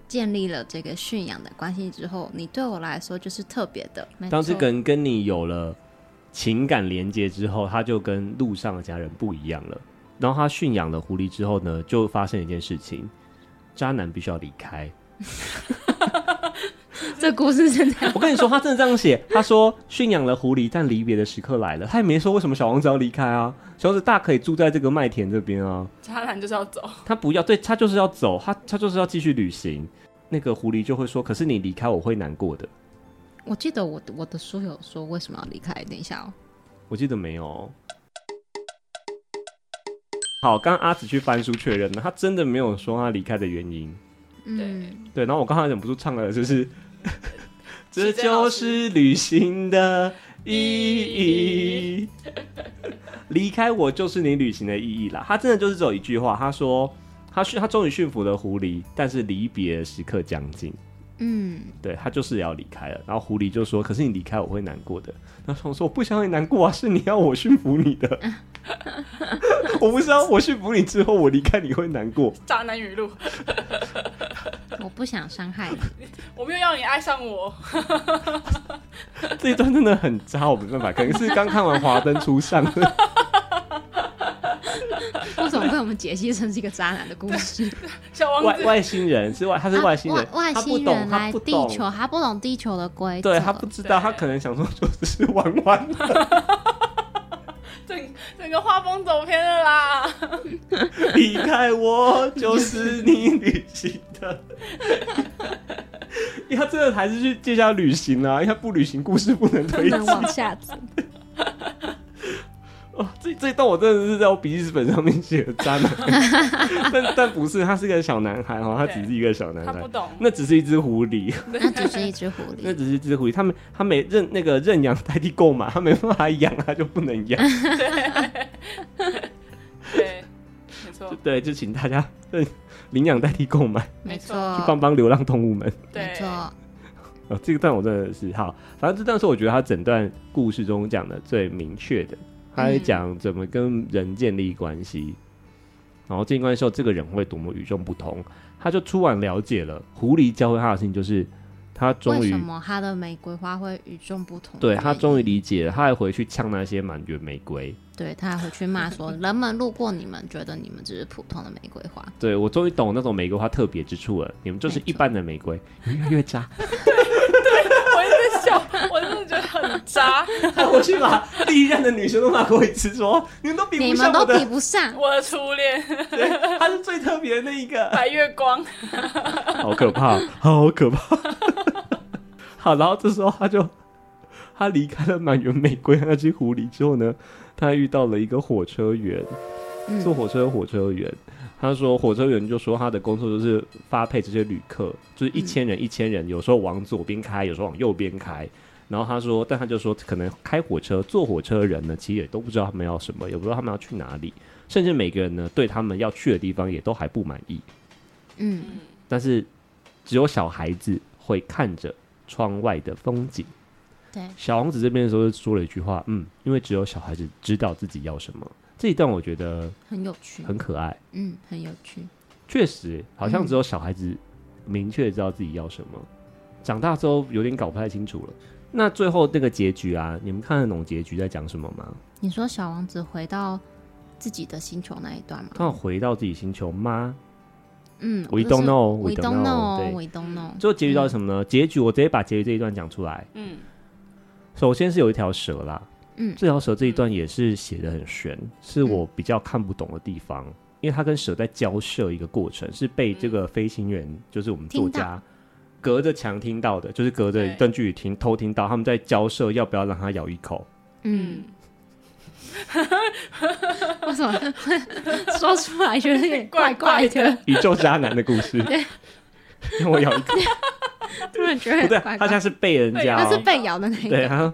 建立了這個馴養的關係之後，你對我來說就是特別的。當這個人跟你有了情感連接之後，他就跟路上的家人不一樣了。然後他馴養了狐狸之後呢，就發生一件事情，渣男必須要離開。 (laughs) 這故事真的，我跟你說，他真的這樣寫。他說馴養了狐狸，但離別的時刻來了。他也沒說為什麼小王子要離開啊？小王子大可以住在這個麥田這邊啊。渣男就是要走，他不要，對他就是要走，他他就是要繼續旅行。那個狐狸就會說：“可是你離開我會難過的。”我記得我我的書有說為什麼要離開？等一下哦，我記得沒有。好，剛剛阿紫去翻書確認了，他真的沒有說他離開的原因。對、嗯、對，然後我剛才忍不住唱了，就是、嗯呵呵，這就是旅行的意義，離、嗯、開我就是你旅行的意義啦。他真的就是只有一句話，他說他馴他終於馴服了狐狸，但是離別時刻將近。嗯，對他就是要離開了，然後狐狸就說：“可是你離開我會難過的。”然後他說：“我不想你難過啊，是你要我馴服你的。 (laughs) ” (laughs) 我不知道我馴服你之後，我離開你會難過。渣男語錄， (laughs) (laughs) 我不想傷害你， (laughs) 我沒有要你愛上我。 (laughs) 這一段真的很渣，我沒辦法，可能是剛看完《華燈初上。》 (laughs) 為 (laughs) 什麼被我們解析成是一個渣男的故事，小王外外星人外，他是外星人，啊、外，外星人來地球，他不懂地球的規則，對，他不知道，他可能想說就是玩玩 (laughs) 整整個畫風走偏了啦！離 (laughs) 開我就是你旅行的， (laughs) (laughs) 因為他真的還是去接下來旅行啊？因為他不旅行，故事不能推進，往下走。 (laughs) 哦，這一段我真的是在我筆記本上面寫的渣男， (laughs) (laughs) 但但不是，他是個小男孩哈、哦，他只是一個小男孩，他不懂，那只是一只狐狸， (laughs) 那只是一只狐狸， (laughs) 那只是只狐狸，他們他沒認那個認養代替購買，他沒辦法養，他就不能養， (laughs) (laughs) 對， (laughs) 對，沒錯 (laughs) ，對，就請大家認領養代替購買，沒錯，去幫幫流浪動物們，對沒錯、哦，這個段我真的是好，反正這段是我覺得他整段故事中講的最明確的。他還講怎麼跟人建立關係、嗯，然後建立關係後，這個人會多麼與眾不同。他就初晚了解了狐狸教會他的事情，就是他終於為什麼他的玫瑰花會與眾不同。對，他終於理解了，他還回去嗆那些滿園玫瑰，對，他還回去罵說 (laughs) 人們路過你們，覺得你們只是普通的玫瑰花。對，我終於懂那種玫瑰花特別之處了，你們就是一般的玫瑰，越渣。 (laughs) (laughs) 啥、嗯 (laughs) 啊？我去把第一任的女生都拿過一次說，你們都比不上我的、我的初戀。她 (laughs) 他是最特別的那一個白月光， (laughs) 好可怕，好，好可怕。 (laughs) 好，然後這時候他就他離開了滿園玫瑰那隻狐狸之後呢，他遇到了一個火車員，坐火車的火車員。他說火車員就說他的工作就是發配這些旅客，就是一千人一千人，有時候往左邊開，有時候往右邊開。然後他說，但他就說，可能開火車、坐火車的人呢，其實也都不知道他們要什麼，也不知道他們要去哪裡，甚至每個人呢，對他們要去的地方也都還不滿意。嗯，但是只有小孩子會看着窗外的風景。嗯、對，小王子這邊的時候說了一句話，嗯，因為只有小孩子知道自己要什麼。這一段我覺得很，很有趣，很可愛。嗯，很有趣，確實，好像只有小孩子明確知道自己要什麼，嗯、長大之後有點搞不太清楚了。那最後那個結局啊，你們看得懂結局在講什麼嗎？你說小王子回到自己的星球那一段嗎？他回到自己星球嗎？嗯，We don't know，We、就是、don't, know, don't know，對，We don't know。最後結局到底什麼呢？嗯？結局我直接把結局這一段講出來。嗯，首先是有一條蛇啦。嗯，這條蛇這一段也是寫的很玄，嗯，是我比較看不懂的地方，嗯，因為它跟蛇在交涉一個過程，是被這個飛行員，嗯、就是我們作家。隔着牆聽到的，就是隔着一段距離聽、okay. 偷聽到他們在交涉要不要讓他咬一口。嗯，為什麼說出來覺得有點怪怪的？宇宙渣男的故事，讓 (laughs) 對 (laughs) (laughs) 我咬一口。突然覺得不對， (laughs) 他像是被人家、喔，他是被咬的那一個。對，然後，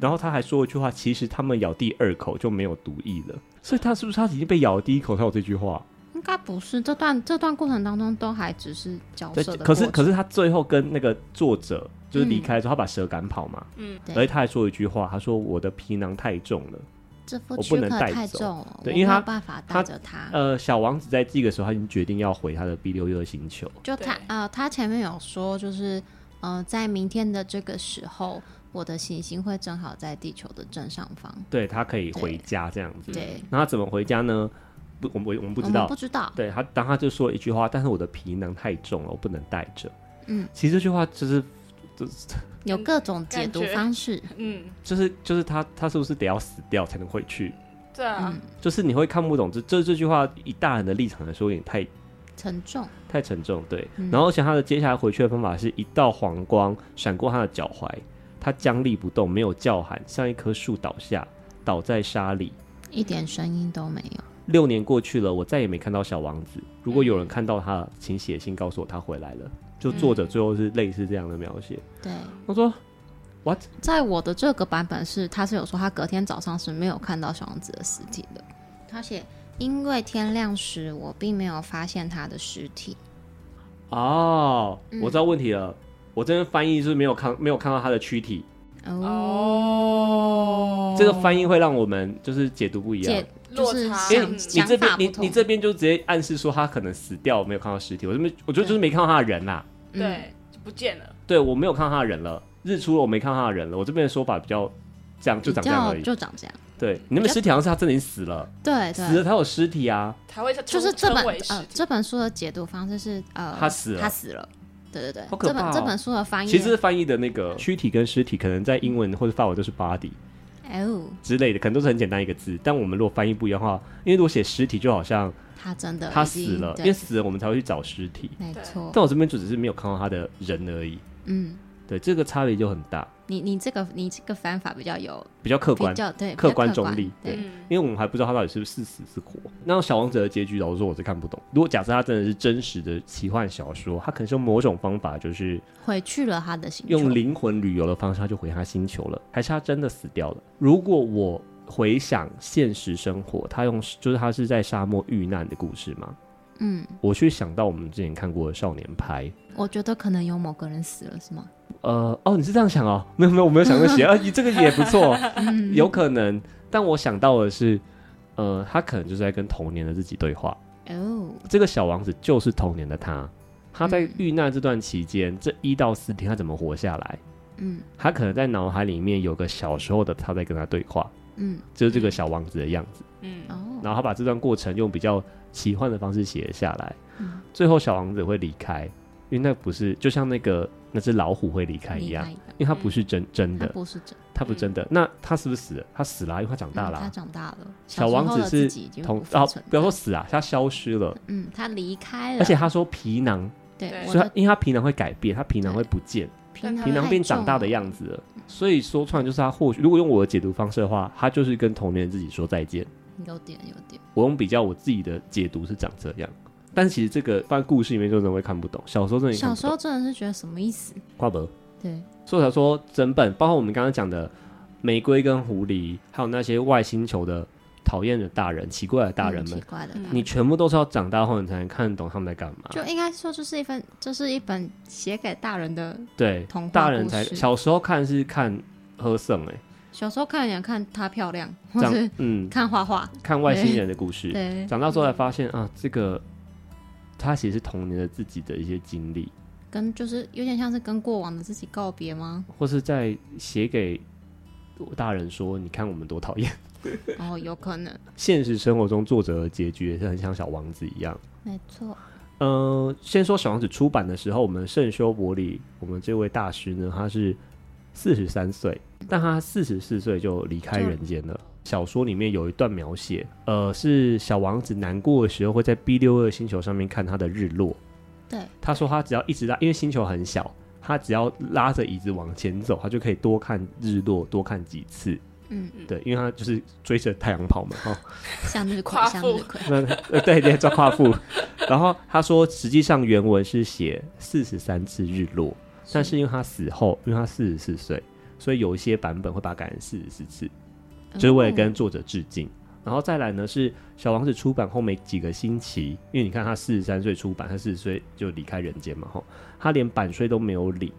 然後他還說一句話：其實他們咬第二口就沒有毒液了。所以，他是不是他已經被咬了第一口才有這句話？應該不是這段，這段過程當中都還只是交涉的。可是可是，他最後跟那個作者就是離開之後，嗯，他把蛇趕跑嘛。嗯對。而且他還說一句話，他說：“我的皮囊太重了，這幅軀殼太重了，我不能帶走，太重了。對對，我沒有辦法帶着他。他他”呃，小王子在這個時候他已經決定要回他的 B612 星球。就他啊，呃，他前面有說，就是呃，在明天的這個時候，我的行星、星會正好在地球的正上方。對他可以回家這樣子。對。嗯，那他怎麼回家呢？嗯不，我們我我們不知道，不知道。對他，當他就說了一句話，但是我的皮囊太重了，我不能帶着。嗯，其實這句話就是，就是有各種解讀方式。嗯，就是就是他他是不是得要死掉才能回去？嗯、對啊，就是你會看不懂這這這句話，以大人的立場來說，有點太沉重，太沉重。對，嗯、然後想他的接下來回去的方法是一道黃光閃過他的腳踝，他僵立不動，沒有叫喊，像一棵樹倒下，倒在沙裡，一點聲音都沒有。嗯六年過去了，我再也沒看到小王子。如果有人看到他，嗯、請寫信告訴我他回來了。就作者最後是類似這樣的描寫、嗯。對，我說，what？在我的這個版本是，他是有說他隔天早上是沒有看到小王子的屍體的。他寫，因為天亮時我並沒有發現他的屍體。哦、嗯，我知道問題了。我這邊翻譯是沒有看，沒有看到他的軀體。哦、oh，這個翻譯會讓我們就是解讀不一樣，落差。所、就、以、是、你這邊，嗯、你你這邊就直接暗示說他可能死掉，沒有看到屍體。我這邊我覺得就是沒看到他的人啦，嗯、對，不見了。對，我沒有看到他的人了，日出了我沒看到他的人了。我這邊的說法比較這樣，就長這樣而已，就長這樣。對，你那邊屍體，好像是他真的已經死了。對，對，死了他有屍體啊，才會就是這本呃這本書的解讀方式是呃他死了，他死了。對對對，哦、這本這本書的翻譯其實是翻譯的那個軀、嗯、體跟屍體，可能在英文或者法文都是 body l、哦、之類的，可能都是很簡單一個字。但我們如果翻譯不一樣的話，因為如果寫屍體，就好像他真的他死了，因為死了我們才會去找屍體，沒錯。但我這邊就只是沒有看到他的人而已，嗯。對，這個差別就很大。你你這個你這個方法比較有比較客觀，比較，對，比較客觀中立對，嗯。因為我們還不知道他到底是不是，是死是活。那《小王子》的結局，老實說我是看不懂。如果假設他真的是真實的奇幻小說，他可能是用某種方法就是回去了他的星球，用靈魂旅遊的方式他就回他星球了，還是他真的死掉了？如果我回想現實生活，他用就是他是在沙漠遇難的故事嗎？嗯，我去想到我們之前看過的《少年派》。我覺得可能有某個人死了，是嗎？呃，哦，你是這樣想哦？沒有沒有，我沒有想到寫啊，你、 (laughs) 呃、這個也不錯、 (laughs) 嗯，有可能。但我想到的是，呃，他可能就是在跟童年的自己對話。哦，這個小王子就是童年的他，他在遇難這段期間、嗯，這一到四天他怎麼活下來？嗯，他可能在腦海裡面有個小時候的他在跟他對話。嗯，就是這個小王子的樣子。嗯，然後他把這段過程用比較奇幻的方式寫了下來。嗯，最後小王子會離開，因為那不是就像那個那隻老虎會離開一樣開，因為他不是真真的，嗯，他不是真，他不是真，他不真的。嗯。那他是不是死了？他死了，啊，因為他長大了，啊嗯。他長大了。小王子是同哦，不要、啊、說死啊，他消失了。嗯，他離開了。而且他說皮囊對，因為因為他皮囊會改變，他皮囊會不見，皮囊變長大的樣子所以說出來就是他或許，如果用我的解讀方式的話，他就是跟童年自己說再見。有點，有點。我用比較我自己的解讀是長這樣，但是其實這個放在故事裡面，就真的會看不懂。小時候真的，小時候真的是覺得什麼意思？看不懂。對，所以小說整本，包括我們剛剛講的玫瑰跟狐狸，還有那些外星球的。討厭的大人，奇怪的大人們，嗯、奇怪的，你全部都是要長大後你才能看得懂他們在幹嘛。就應該說，就是一份，就是一本寫給大人的對童話故事對，大人才。小時候看是看喝勝哎、欸，小時候看想看她漂亮，或是嗯看畫畫，看外星人的故事。對對，長大之後才發現、嗯、啊，這個他寫是童年的自己的一些經歷，跟就是有點像是跟過往的自己告別嗎？或是在寫給大人說，你看我們多討厭。哦、 (laughs) oh,，有可能。現實生活中，作者的結局也是很像小王子一樣。沒錯。嗯、呃，先說小王子出版的時候，我們聖修伯里，我們這位大師呢，他是四十三歲，但他四十四歲就離開人間了。小說裡面有一段描寫，呃，是小王子難過的時候，會在 B 六二星球上面看他的日落。對。他說他只要一直拉，因為星球很小，他只要拉着椅子往前走，他就可以多看日落，多看幾次。嗯，對，因為他就是追着太陽跑嘛，哈、哦，像那個夸父那，對對，抓夸父。 (laughs) (laughs) (laughs) (laughs) (laughs) 然後他說，實際上原文是寫四十三次日落，但是因為他死後，因為他四十四歲，所以有一些版本會把它改成四十四次，嗯、所以我也跟作者致敬、嗯。然後再來呢，是小王子出版後沒幾個星期，因為你看他四十三歲出版，他四十歲就離開人間嘛、哦，他連版稅都沒有領，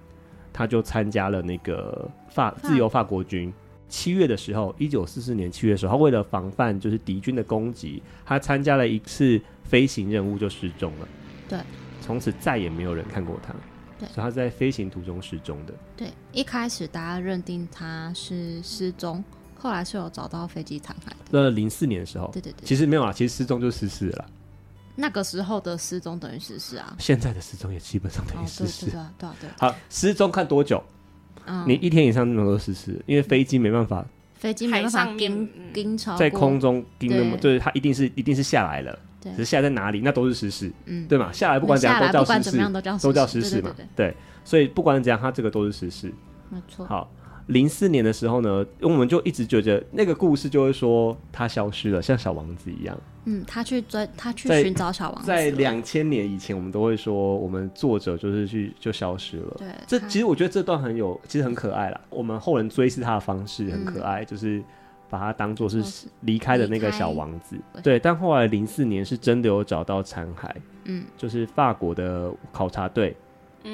他就參加了那個法自由法國軍。七月的時候，一九四四年七月的時候，他為了防範就是敵軍的攻擊，他參加了一次飛行任務，就失蹤了。對，從此再也沒有人看過他。對，所以他在飛行途中失蹤的。對，一開始大家認定他是失蹤，後來是有找到飛機殘骸的。那零四年的時候，對對對，其實沒有啊，其實失蹤就失事了啦。那個時候的失蹤等於失事啊，現在的失蹤也基本上等於失事、哦。對對對,、啊對,啊、對對，好，失蹤看多久？嗯、你一天以上那麼多失事，因為飛機沒辦法，嗯、飛機沒辦法盯盯在空中盯那麼對，就是它一定是一定是下來了，對，只是下來在哪裡，那都是失事，嗯、事，嗯，對嘛，下來不管怎樣都叫失事，都叫失事，事嘛，對對對對，對，所以不管怎樣，它這個都是失事，沒錯。好，零四年的時候呢，我們就一直覺得那個故事就是說它消失了，像小王子一樣。嗯，他去追，他去尋找小王子。在兩千年以前，我們都會說，我們作者就是去就消失了。對，這其實我覺得這段很有，其實很可愛啦。我們後人追思他的方式很可愛，嗯，就是把他當做是離開的那個小王子。對，但後來零四年是真的有找到殘骸，嗯，就是法國的考察隊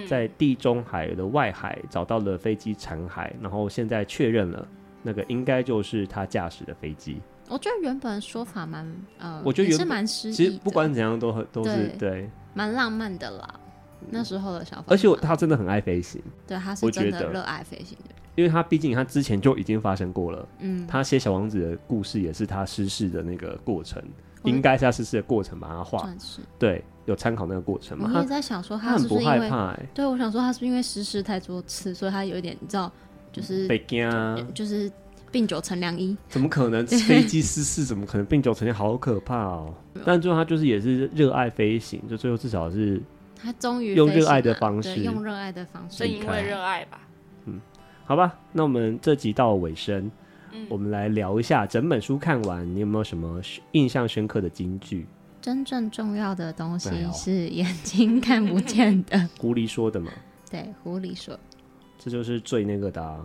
在地中海的外海找到了飛機殘骸，然後現在確認了那個應該就是他駕駛的飛機。我覺得原本說法蠻，呃，我覺得原本是蠻詩意。其實不管怎樣都很，都都是對，蠻浪漫的啦。嗯，那時候的想法，而且他真的很愛飛行。對，他是真的熱愛飛行的。因為他畢竟他之前就已經發生過了。嗯，他寫《小王子》的故事也是他失事的那個過程，應該是他失事的過程把他畫。對，有參考那個過程。一直在想說他，他很不害怕欸。為？對我想說他是因為失事太多次，所以他有一點，你知道，就是北京，就、就是。病久成良醫，怎麼可能？飛機失事 (laughs) 怎麼可能？病久成良醫好可怕哦、喔！ (laughs) 但最後他就是也是熱愛飛行，就最後至少是他終於用熱愛的方式、啊方式對，用熱愛的方式，所以因為熱愛吧看看。嗯，好吧，那我們這集到尾聲、嗯，我們來聊一下整本書看完，你有沒有什麼印象深刻的金句？真正重要的東西是眼睛看不見的。哎、 (laughs) (laughs) 狐狸說的嘛，對，狐狸說，這就是最那個的、啊。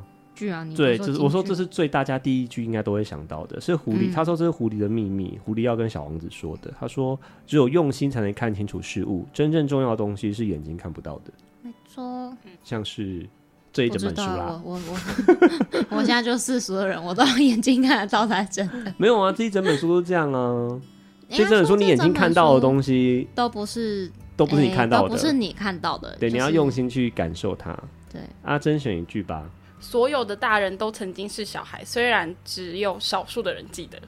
啊、對，就是我說，這是最大家第一句應該都會想到的，是狐狸、嗯。他說這是狐狸的秘密，狐狸要跟小王子說的。他說只有用心才能看清楚事物，真正重要的東西是眼睛看不到的。沒錯，像是這一整本書啦、啊。我我 (laughs) 我現在就世俗的人，我都眼睛看得到才真的。 (laughs) 沒有啊，這一整本書都這樣啊。欸、這本書你眼睛看到的東西都不是，都不是你看到的，不是你看到的欸、不是你看到的。對、就是，你要用心去感受它。對，阿、啊、珍選一句吧。所有的大人都曾經是小孩，雖然只有少數的人記得。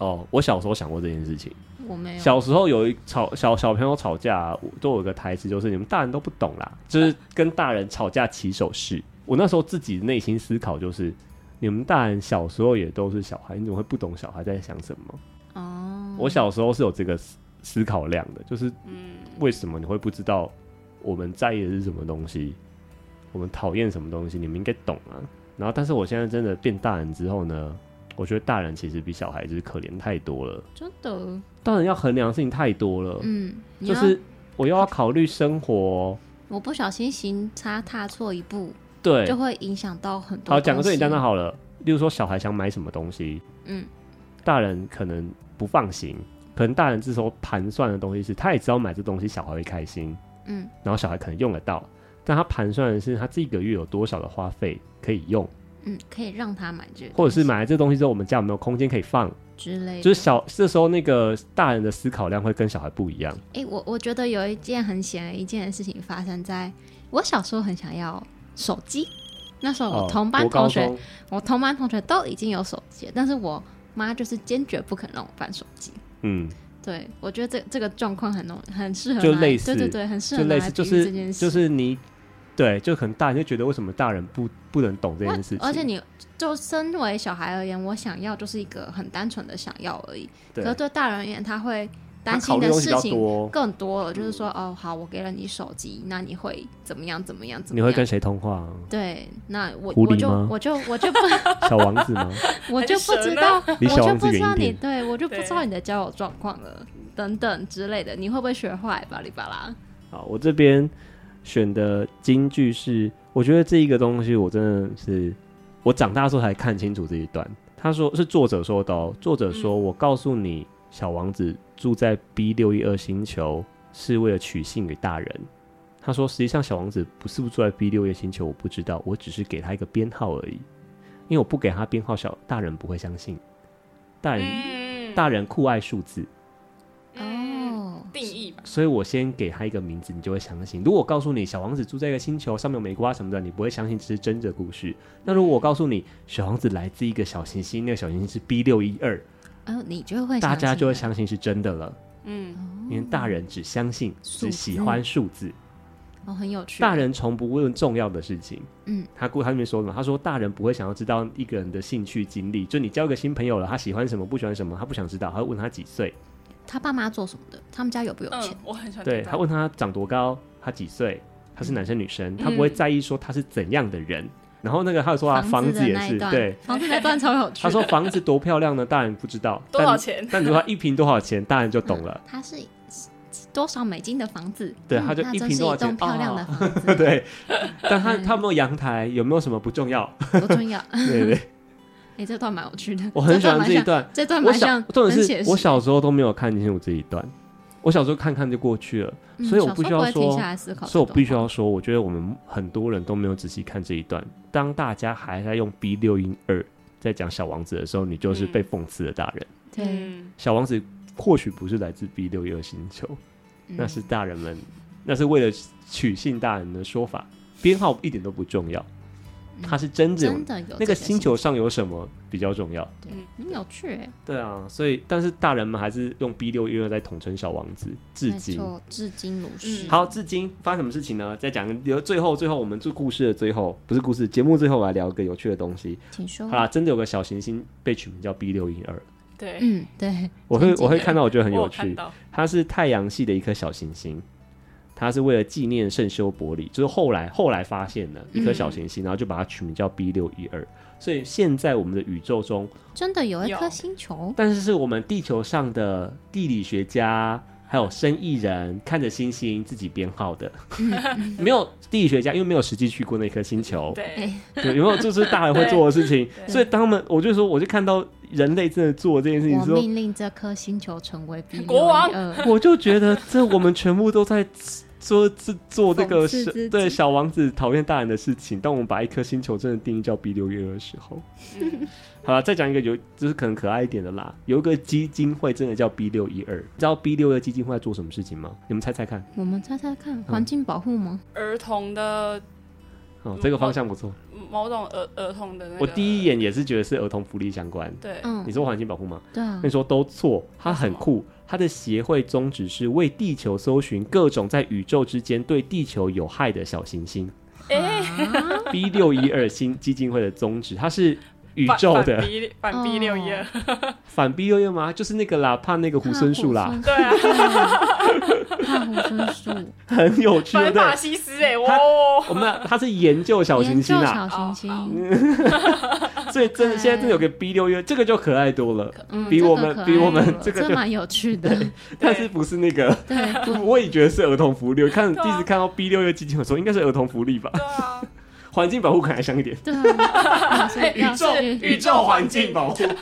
哦，oh，我小時候想過這件事情。我沒有。小時候有一吵小小朋友吵架，啊，都有個台詞，就是你們大人都不懂啦，嗯，就是跟大人吵架起手式。我那時候自己內心思考就是，你們大人小時候也都是小孩，你怎麼會不懂小孩在想什麼？哦，oh，我小時候是有這個思思考量的，就是為什麼你會不知道我們在意的是什麼東西？我們討厭什麼東西，你們應該懂啊。然後，但是我現在真的變大人之後呢，我覺得大人其實比小孩子可憐太多了。真的，當然要衡量的事情太多了。嗯，就是我又要考慮生活，喔，我不小心行差踏錯一步，對，就會影響到很多。好，講個最簡單的好了，例如說小孩想買什麼東西，嗯，大人可能不放心，可能大人這時候盤算的東西是，他也知道買這東西小孩會開心，嗯，然後小孩可能用得到。但他盤算的是，他這個月有多少的花費可以用，嗯，可以讓他買這個，或者是買這個東西之後，我們家有沒有空間可以放之類的，就是小這時候那個大人的思考量會跟小孩不一樣。哎、欸，我我覺得有一件很顯而易見的事情發生在我小時候，很想要手機，那時候我同班同學、哦，我同班同學都已經有手機，但是我媽就是堅決不肯讓我辦手機。嗯，對我覺得這這個狀況很容很適合，就類似對對對，很適合就是這件事，就是、就是、你。對，就很大，你就覺得為什麼大人不不能懂這件事情？而且你就身為小孩而言，我想要就是一個很單純的想要而已。對。可是對大人而言，他會擔心的事情更多了，他考慮東西比較多哦。就是說，哦，好，我給了你手機，那你會怎麼樣？怎麼樣？怎麼？你會跟誰通話？對，那我我就我就我就不 (laughs) 小王子嗎？我就不知道，啊、我就不知道你， (laughs) 你小王子對，我就不知道你的交友狀況了，等等之類的，你會不會學壞？巴拉巴拉。好，我這邊。選的金句是，我覺得這一個東西，我真的是我長大的時候才看清楚這一段。他說是作者說的哦，作者說，我告訴你，小王子住在 B 六一二星球是為了取信於大人。他說實際上小王子是不是不住在 B 六一二星球，我不知道，我只是給他一個編號而已，因為我不給他編號，小大人不會相信。大人，大人酷愛數字。所以我先給他一個名字，你就會相信。如果我告訴你小王子住在一個星球上面有玫瑰什麼的，你不會相信這是真的故事。那如果我告訴你小王子來自一個小行星，那個小行星是 B612，你就會大家就會相信是真的了。嗯，因為大人只相信，只喜歡數字，數字，哦，很有趣。大人從不問重要的事情。嗯，他故他裡面說什麼？他說大人不會想要知道一個人的興趣經歷，就你交一個新朋友了，他喜歡什麼，不喜歡什麼，他不想知道，他會問他幾歲。他爸媽做什麼的？他們家有不有錢？嗯、我很想聽。對，他問他長多高？他幾歲？他是男生女生、嗯？他不會在意說他是怎樣的人。嗯、然後那個他又說他房子也是房子對，房子那段超有趣。他說房子多漂亮呢，大人不知道 (laughs) 多少錢。但你說一坪多少錢，大人就懂了、嗯。他是多少美金的房子？對，嗯、他就一坪多少錢？漂亮的房子、哦、 (laughs) 對， (laughs) 但他 (laughs) 他沒有陽台，有沒有什麼不重要？不重要。 (laughs) (laughs) 對，對對。哎，這段蠻有趣的，我很喜歡這一段。這段蠻像，我小蠻像我小重點是我小時候都沒有看清楚這一段，我小時候看看就過去了，嗯、所以我不需要說。所以我必須要說，我覺得我們很多人都沒有仔細看這一段。當大家還在用 B 六一二在講小王子的時候，你就是被諷刺的大人。對、嗯，小王子或許不是來自 B 六一二星球、嗯，那是大人們、嗯，那是為了取信大人的說法，編號一點都不重要。它是真正的有那個星球上有什麼比較重要？對，很有趣哎。對啊，所以但是大人們還是用 B612 在統稱小王子，至今至今如是。好，至今發生什麼事情呢？再講由最，最後最後我們做故事的最後，不是故事節目最後來聊個有趣的東西。好啦，真的有個小行星被取名叫 B612。對，嗯，對。我會我會看到，我覺得很有趣。它是太陽系的一顆小行星。他是為了紀念聖修伯里，就是後來後來發現了一顆小行星，嗯，然後就把它取名叫 B612。所以現在我們的宇宙中真的有一顆星球，但是是我們地球上的地理學家還有生意人看着星星自己編號的，嗯、 (laughs) 沒有地理學家因為沒有實際去過那顆星球，對對，有沒有這是大人會做的事情？所以當他們我就說我就看到。人類真的做這件事情之後，我命令這顆星球成為，B612, 球成為 B612, 國王。 (laughs) 我就覺得這我們全部都在做這做這個對小王子討厭大人的事情。當我們把一顆星球真的定義叫 B 六一二的時候，嗯、好了，再講一個有就是可能可愛一點的啦。有一個基金會真的叫 B 六一二，你知道 B 六一二基金會在做什麼事情嗎？你們猜猜看。我們猜猜看，環境保護嗎、嗯？兒童的。哦，這個方向不錯。某，某種兒兒童的、那個，我第一眼也是覺得是兒童福利相關。對，嗯、你說環境保護嗎？對，你說都錯。它很酷，它的協會宗旨是為地球搜尋各種在宇宙之間對地球有害的小行星。哎，B612 星基金會的宗旨，它是。宇宙的反反 B 六一二，反 B 六一二、哦、 (laughs) 月嗎？就是那個啦，怕那個猢猻樹啦， (laughs) 對啊，對 (laughs) 怕猢猻樹，很有趣的。法西斯哎，哇、哦，我們他、啊、是研究小行星啊，小行星，哦哦、 (laughs) (laughs) 所以真的現在真的有個 B 六一二，這個就可愛多了，嗯、比我們比我們這個真蠻、這個、有趣的。但是不是那個？對， (laughs) 我也覺得是兒童福利。我看第一次看到 B 六一二基金的時候，應該是兒童福利吧？環境保護可能像一點對，對、 (laughs) (laughs) 欸，宇宙宇宙環境保護 (laughs) 環。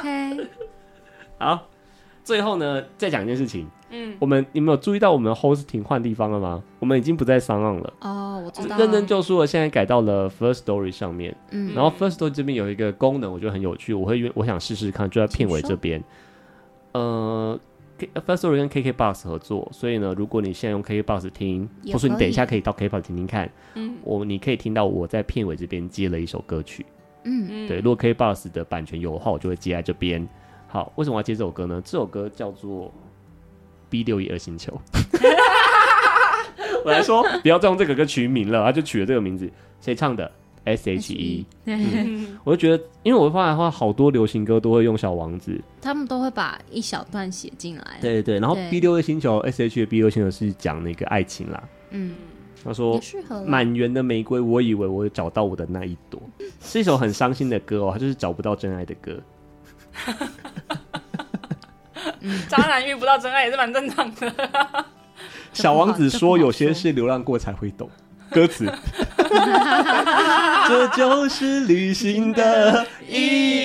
(laughs) OK，好，最後呢，再講一件事情。嗯，我們你們有注意到我們 Hosting 換地方了嗎？我們已經不在聲浪了。哦，我知道。認真舊書了，現在改到了 Firstory 上面。嗯，然後 Firstory 這邊有一個功能，我覺得很有趣，我會我想試試看，就在片尾這邊。嗯。呃 Firstory 跟 KKBOX 合作，所以呢，如果你現在用 KKBOX 聽，或是你等一下可以到 KKBOX 聽聽看。嗯，我你可以聽到我在片尾這邊接了一首歌曲。嗯嗯，對，如果 KKBOX 的版權有的話，我就會接在這邊。好，為什麼我要接這首歌呢？這首歌叫做《B 六一二星球》。 (laughs) (laughs) (laughs) (laughs) 我來說，不要再用這個歌曲名了，他就取了這個名字。誰唱的？S H E，我就覺得，因為我發現的話，好多流行歌都會用小王子， (laughs) 他們都會把一小段寫進來。對對對，然後《B612 星球》S H E 的《B612 星球》是講那個愛情啦。嗯，他說滿園的玫瑰，我以為我會找到我的那一朵，是一首很傷心的歌哦，他就是找不到真愛的歌。哈哈哈！哈哈！哈哈！渣男遇不到真愛也是蠻正常的啊。 (laughs) 小王子說：“說有些事流浪過才會懂。”歌詞 (laughs) (laughs) 這就是旅行的意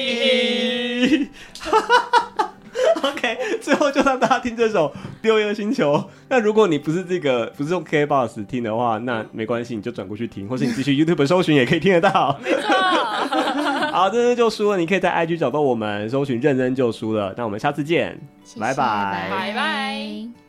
義 (laughs) 。OK，最後就讓大家聽這首《612星球》。那如果你不是這個，不是用 KKBox 聽的話，那沒關係，你就轉過去聽，或是你繼續 YouTube 搜尋也可以聽得到。 (laughs) 好，認真舊書了。你可以在 IG 找到我們，搜尋“認真舊書了”。那我們下次見，謝謝拜拜，拜拜。